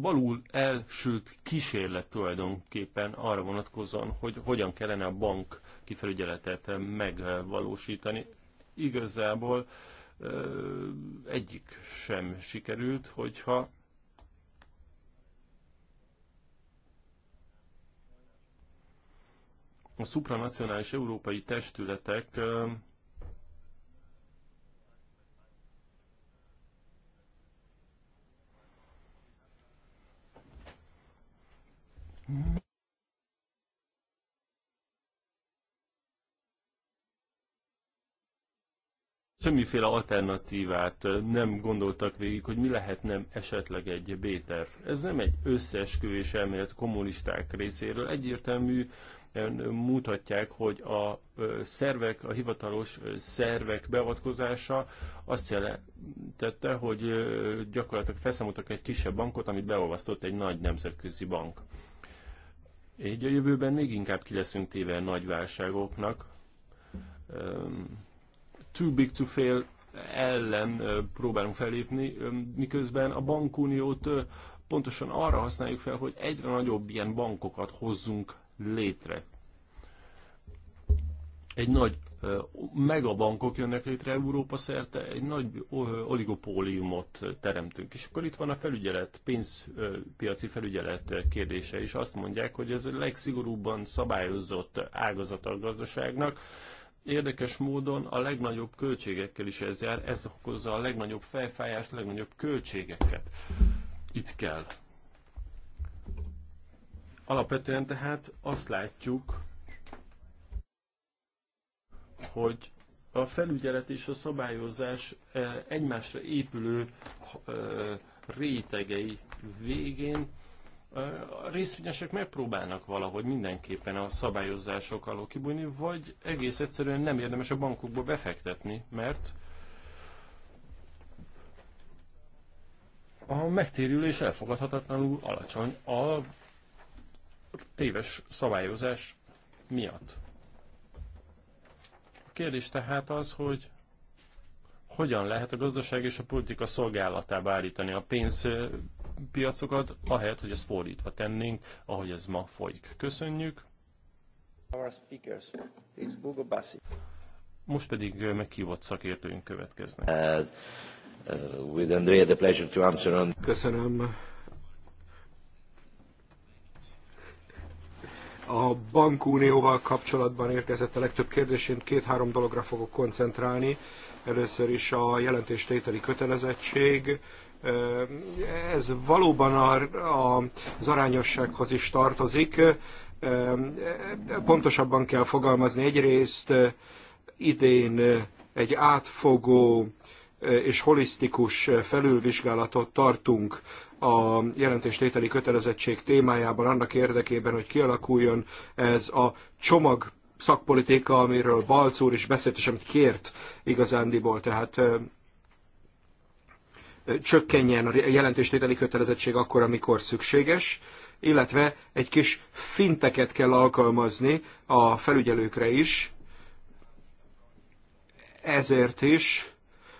balul elsült kísérlet tulajdonképpen arra vonatkozóan, hogy hogyan kellene a bank kifelügyeletet megvalósítani. Igazából egyik sem sikerült, hogyha a szupranacionális európai testületek Semmiféle alternatívát nem gondoltak végig, hogy mi lehetne esetleg egy B-terv. Ez nem egy összeesküvés elmélet kommunisták részéről. Egyértelmű mutatják, hogy a szervek, a hivatalos szervek beavatkozása azt jelentette, hogy gyakorlatilag felszámoltak egy kisebb bankot, amit beolvasztott egy nagy nemzetközi bank. Így a jövőben még inkább ki leszünk téve nagy válságoknak. Too big to fail ellen próbálunk felépni, miközben a bankuniót pontosan arra használjuk fel, hogy egyre nagyobb ilyen bankokat hozzunk létre. Egy nagy megabankok jönnek létre Európa szerte, egy nagy oligopóliumot teremtünk. És akkor itt van a felügyelet, pénzpiaci felügyelet kérdése is. Azt mondják, hogy ez a legszigorúbban szabályozott ágazat a gazdaságnak, Érdekes módon a legnagyobb költségekkel is ez jár, ez okozza a legnagyobb felfájást, a legnagyobb költségeket. Itt kell. Alapvetően tehát azt látjuk, hogy a felügyelet és a szabályozás eh, egymásra épülő eh, rétegei végén eh, a részvényesek megpróbálnak valahogy mindenképpen a szabályozások alól kibújni, vagy egész egyszerűen nem érdemes a bankokba befektetni, mert a megtérülés elfogadhatatlanul alacsony a téves szabályozás miatt kérdés tehát az, hogy hogyan lehet a gazdaság és a politika szolgálatába állítani a pénzpiacokat, ahelyett, hogy ezt fordítva tennénk, ahogy ez ma folyik. Köszönjük! Most pedig meghívott szakértőink következnek. Uh, uh, Köszönöm a bankunióval kapcsolatban érkezett a legtöbb kérdés. Én két-három dologra fogok koncentrálni. Először is a jelentéstételi kötelezettség, ez valóban az arányossághoz is tartozik. Pontosabban kell fogalmazni egyrészt idén egy átfogó és holisztikus felülvizsgálatot tartunk a jelentéstételi kötelezettség témájában annak érdekében, hogy kialakuljon ez a csomag szakpolitika, amiről Balc úr is beszélt, és amit kért igazándiból, tehát csökkenjen a jelentéstételi kötelezettség akkor, amikor szükséges, illetve egy kis finteket kell alkalmazni a felügyelőkre is, ezért is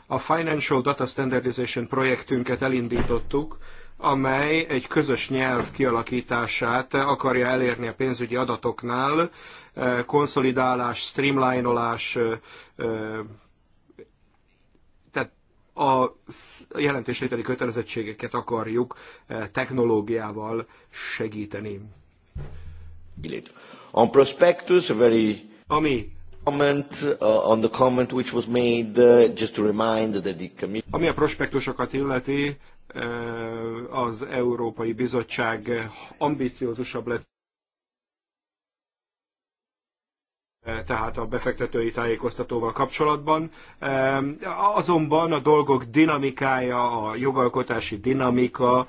a Financial Data Standardization projektünket elindítottuk, amely egy közös nyelv kialakítását akarja elérni a pénzügyi adatoknál, eh, konszolidálás, streamlinolás, eh, eh, tehát a jelentéstételi kötelezettségeket akarjuk technológiával segíteni. A prospectus Ami ami a prospektusokat illeti, uh, az Európai Bizottság ambiciózusabb lett uh, tehát a befektetői tájékoztatóval kapcsolatban. Uh, azonban a dolgok dinamikája, a jogalkotási dinamika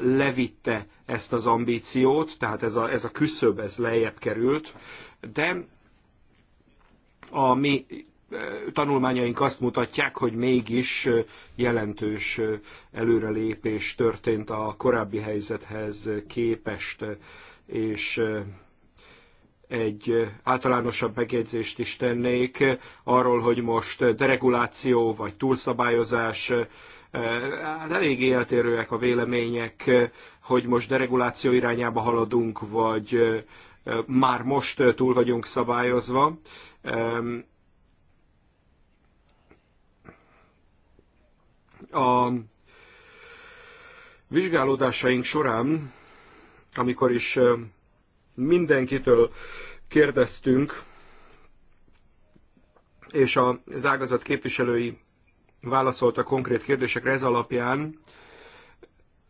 levitte ezt az ambíciót, tehát ez a, ez a küszöb, ez lejjebb került, de a mi tanulmányaink azt mutatják, hogy mégis jelentős előrelépés történt a korábbi helyzethez képest, és egy általánosabb megjegyzést is tennék arról, hogy most dereguláció vagy túlszabályozás, hát elég eltérőek a vélemények, hogy most dereguláció irányába haladunk, vagy már most túl vagyunk szabályozva. A vizsgálódásaink során, amikor is mindenkitől kérdeztünk, és az ágazat képviselői válaszoltak konkrét kérdésekre ez alapján,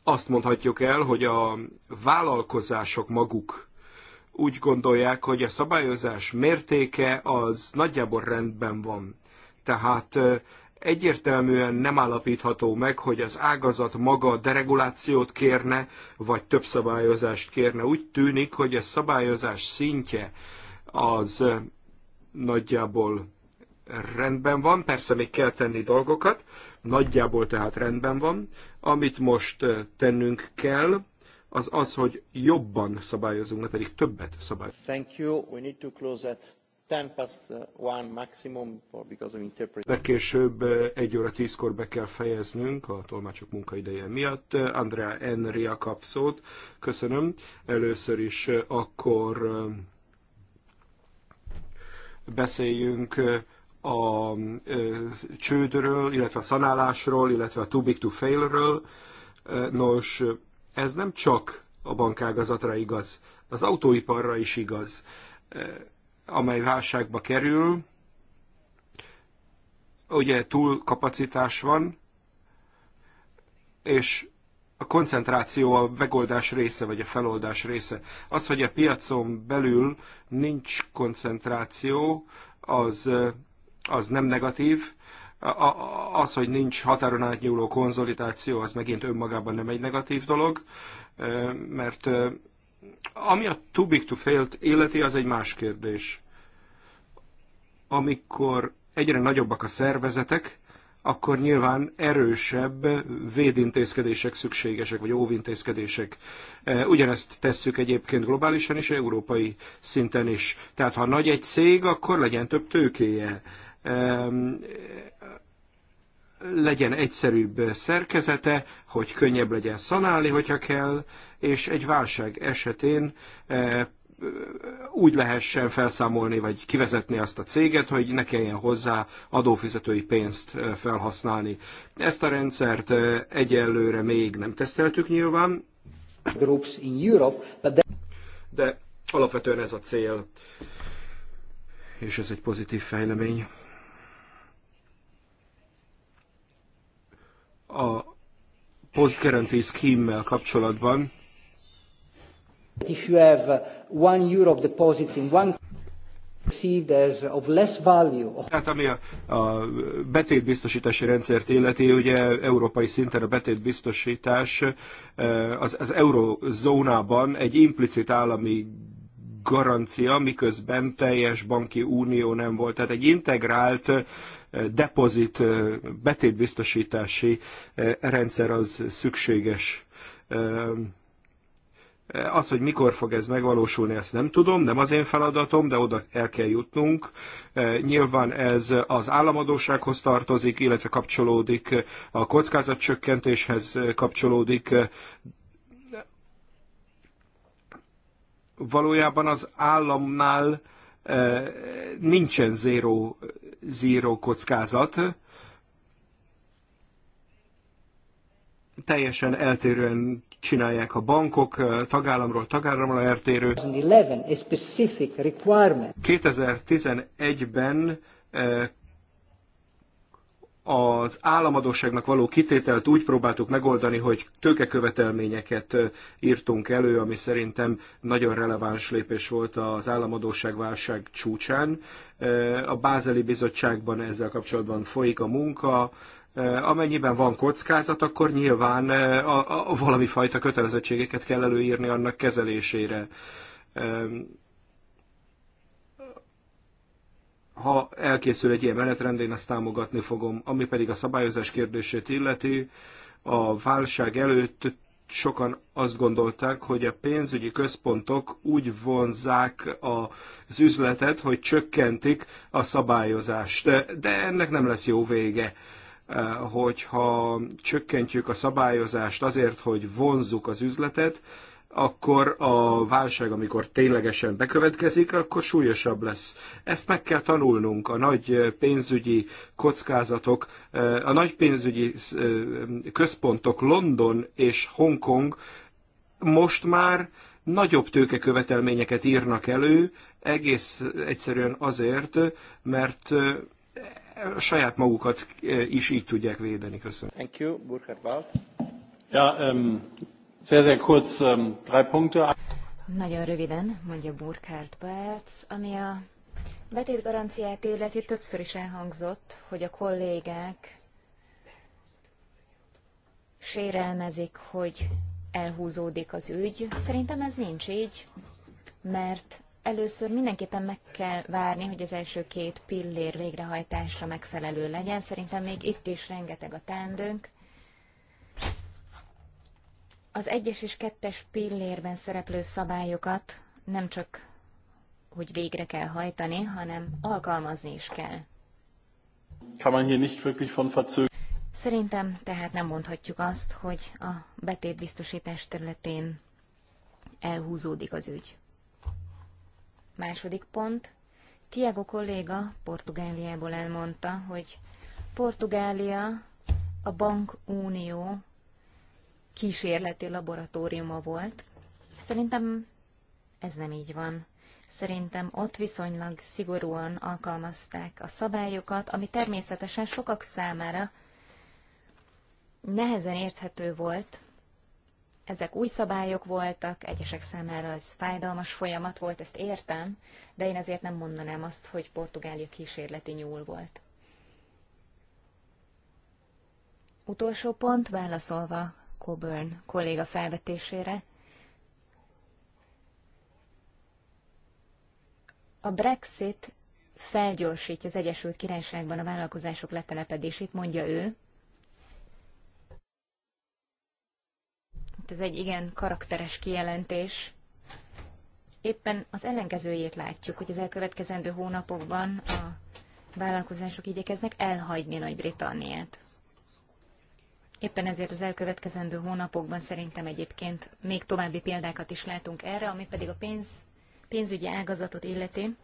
azt mondhatjuk el, hogy a vállalkozások maguk úgy gondolják, hogy a szabályozás mértéke az nagyjából rendben van. Tehát egyértelműen nem állapítható meg, hogy az ágazat maga deregulációt kérne, vagy több szabályozást kérne. Úgy tűnik, hogy a szabályozás szintje az nagyjából rendben van, persze még kell tenni dolgokat, nagyjából tehát rendben van. Amit most tennünk kell, az az, hogy jobban szabályozunk, ne pedig többet szabályozunk. Thank you. We need to close at 10 past uh, one maximum for because of interpretation. Legkésőbb uh, egy óra tízkor be kell fejeznünk a tolmácsok munkaideje miatt. Uh, Andrea Enria kap szót. Köszönöm. Először is akkor beszéljünk a csődről, illetve a szanálásról, illetve a too big to fail-ről. Nos, ez nem csak a bankágazatra igaz, az autóiparra is igaz, eh, amely válságba kerül, ugye túl kapacitás van, és a koncentráció a megoldás része, vagy a feloldás része. Az, hogy a piacon belül nincs koncentráció, az, eh, az nem negatív, az, hogy nincs határon átnyúló konzolidáció, az megint önmagában nem egy negatív dolog, mert ami a too big to fail életi, az egy más kérdés. Amikor egyre nagyobbak a szervezetek, akkor nyilván erősebb védintézkedések szükségesek, vagy óvintézkedések. Ugyanezt tesszük egyébként globálisan és európai szinten is. Tehát ha nagy egy cég, akkor legyen több tőkéje legyen egyszerűbb szerkezete, hogy könnyebb legyen szanálni, hogyha kell, és egy válság esetén eh, úgy lehessen felszámolni, vagy kivezetni azt a céget, hogy ne kelljen hozzá adófizetői pénzt eh, felhasználni. Ezt a rendszert eh, egyelőre még nem teszteltük nyilván. Groups in Europe, De alapvetően ez a cél, és ez egy pozitív fejlemény. a Post Guarantee Scheme-mel kapcsolatban. If you have uh, one euro of deposits in one tehát ami a, a betétbiztosítási rendszert illeti, ugye európai szinten a betétbiztosítás az, az eurozónában egy implicit állami garancia, miközben teljes banki unió nem volt. Tehát egy integrált depozit, betétbiztosítási rendszer az szükséges. Az, hogy mikor fog ez megvalósulni, ezt nem tudom, nem az én feladatom, de oda el kell jutnunk. Nyilván ez az államadósághoz tartozik, illetve kapcsolódik a kockázatcsökkentéshez kapcsolódik, valójában az államnál nincsen zéró zero kockázat. Teljesen eltérően csinálják a bankok, eh, tagállamról tagállamra eltérő. 2011-ben az államadóságnak való kitételt úgy próbáltuk megoldani, hogy tőkekövetelményeket írtunk elő, ami szerintem nagyon releváns lépés volt az államadóság válság csúcsán. A Bázeli Bizottságban ezzel kapcsolatban folyik a munka, amennyiben van kockázat, akkor nyilván a, a, a valami fajta kötelezettségeket kell előírni annak kezelésére. ha elkészül egy ilyen menetrend, én ezt támogatni fogom. Ami pedig a szabályozás kérdését illeti, a válság előtt sokan azt gondolták, hogy a pénzügyi központok úgy vonzák az üzletet, hogy csökkentik a szabályozást. De ennek nem lesz jó vége hogyha csökkentjük a szabályozást azért, hogy vonzzuk az üzletet, akkor a válság, amikor ténylegesen bekövetkezik, akkor súlyosabb lesz. Ezt meg kell tanulnunk, a nagy pénzügyi kockázatok, eh, a nagy pénzügyi eh, központok London és Hongkong most már nagyobb tőkekövetelményeket írnak elő, egész egyszerűen azért, mert eh, saját magukat is így tudják védeni. Köszönöm. Thank you, Burkhard Balz. Ja, um, Sehr, sehr kurz, ähm, drei Punkte. Nagyon röviden, mondja Burkhardt Bárc, ami a betétgaranciát illeti többször is elhangzott, hogy a kollégák sérelmezik, hogy elhúzódik az ügy. Szerintem ez nincs így, mert először mindenképpen meg kell várni, hogy az első két pillér végrehajtása megfelelő legyen. Szerintem még itt is rengeteg a teendőnk az egyes és kettes pillérben szereplő szabályokat nem csak hogy végre kell hajtani, hanem alkalmazni is kell. Kann man hier nicht wirklich von verzög- Szerintem tehát nem mondhatjuk azt, hogy a betétbiztosítás területén elhúzódik az ügy. Második pont. Tiago kolléga Portugáliából elmondta, hogy Portugália a bankunió kísérleti laboratóriuma volt. Szerintem ez nem így van. Szerintem ott viszonylag szigorúan alkalmazták a szabályokat, ami természetesen sokak számára nehezen érthető volt. Ezek új szabályok voltak, egyesek számára ez fájdalmas folyamat volt, ezt értem, de én azért nem mondanám azt, hogy Portugália kísérleti nyúl volt. Utolsó pont, válaszolva Coburn kolléga felvetésére. A Brexit felgyorsítja az Egyesült Királyságban a vállalkozások letelepedését, mondja ő. Ez egy igen karakteres kijelentés. Éppen az ellenkezőjét látjuk, hogy az elkövetkezendő hónapokban a vállalkozások igyekeznek elhagyni Nagy-Britanniát. Éppen ezért az elkövetkezendő hónapokban szerintem egyébként még további példákat is látunk erre, ami pedig a pénz, pénzügyi ágazatot illeti.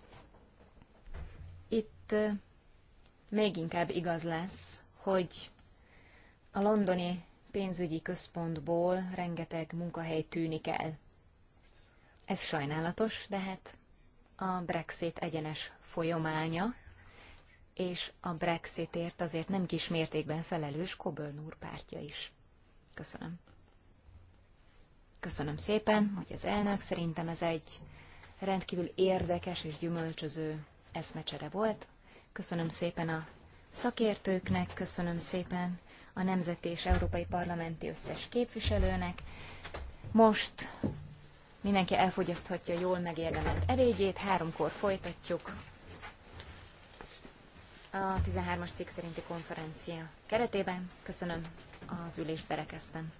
Itt még inkább igaz lesz, hogy a londoni pénzügyi központból rengeteg munkahely tűnik el. Ez sajnálatos, de hát a Brexit egyenes folyamánya, és a Brexitért azért nem kis mértékben felelős Coburn úr pártja is. Köszönöm. Köszönöm szépen, hogy az elnök szerintem ez egy rendkívül érdekes és gyümölcsöző eszmecsere volt. Köszönöm szépen a szakértőknek, köszönöm szépen a Nemzeti és Európai Parlamenti összes képviselőnek. Most mindenki elfogyaszthatja jól megérdemelt ebédjét, háromkor folytatjuk a 13-as cikk szerinti konferencia keretében. Köszönöm az ülést berekeztem.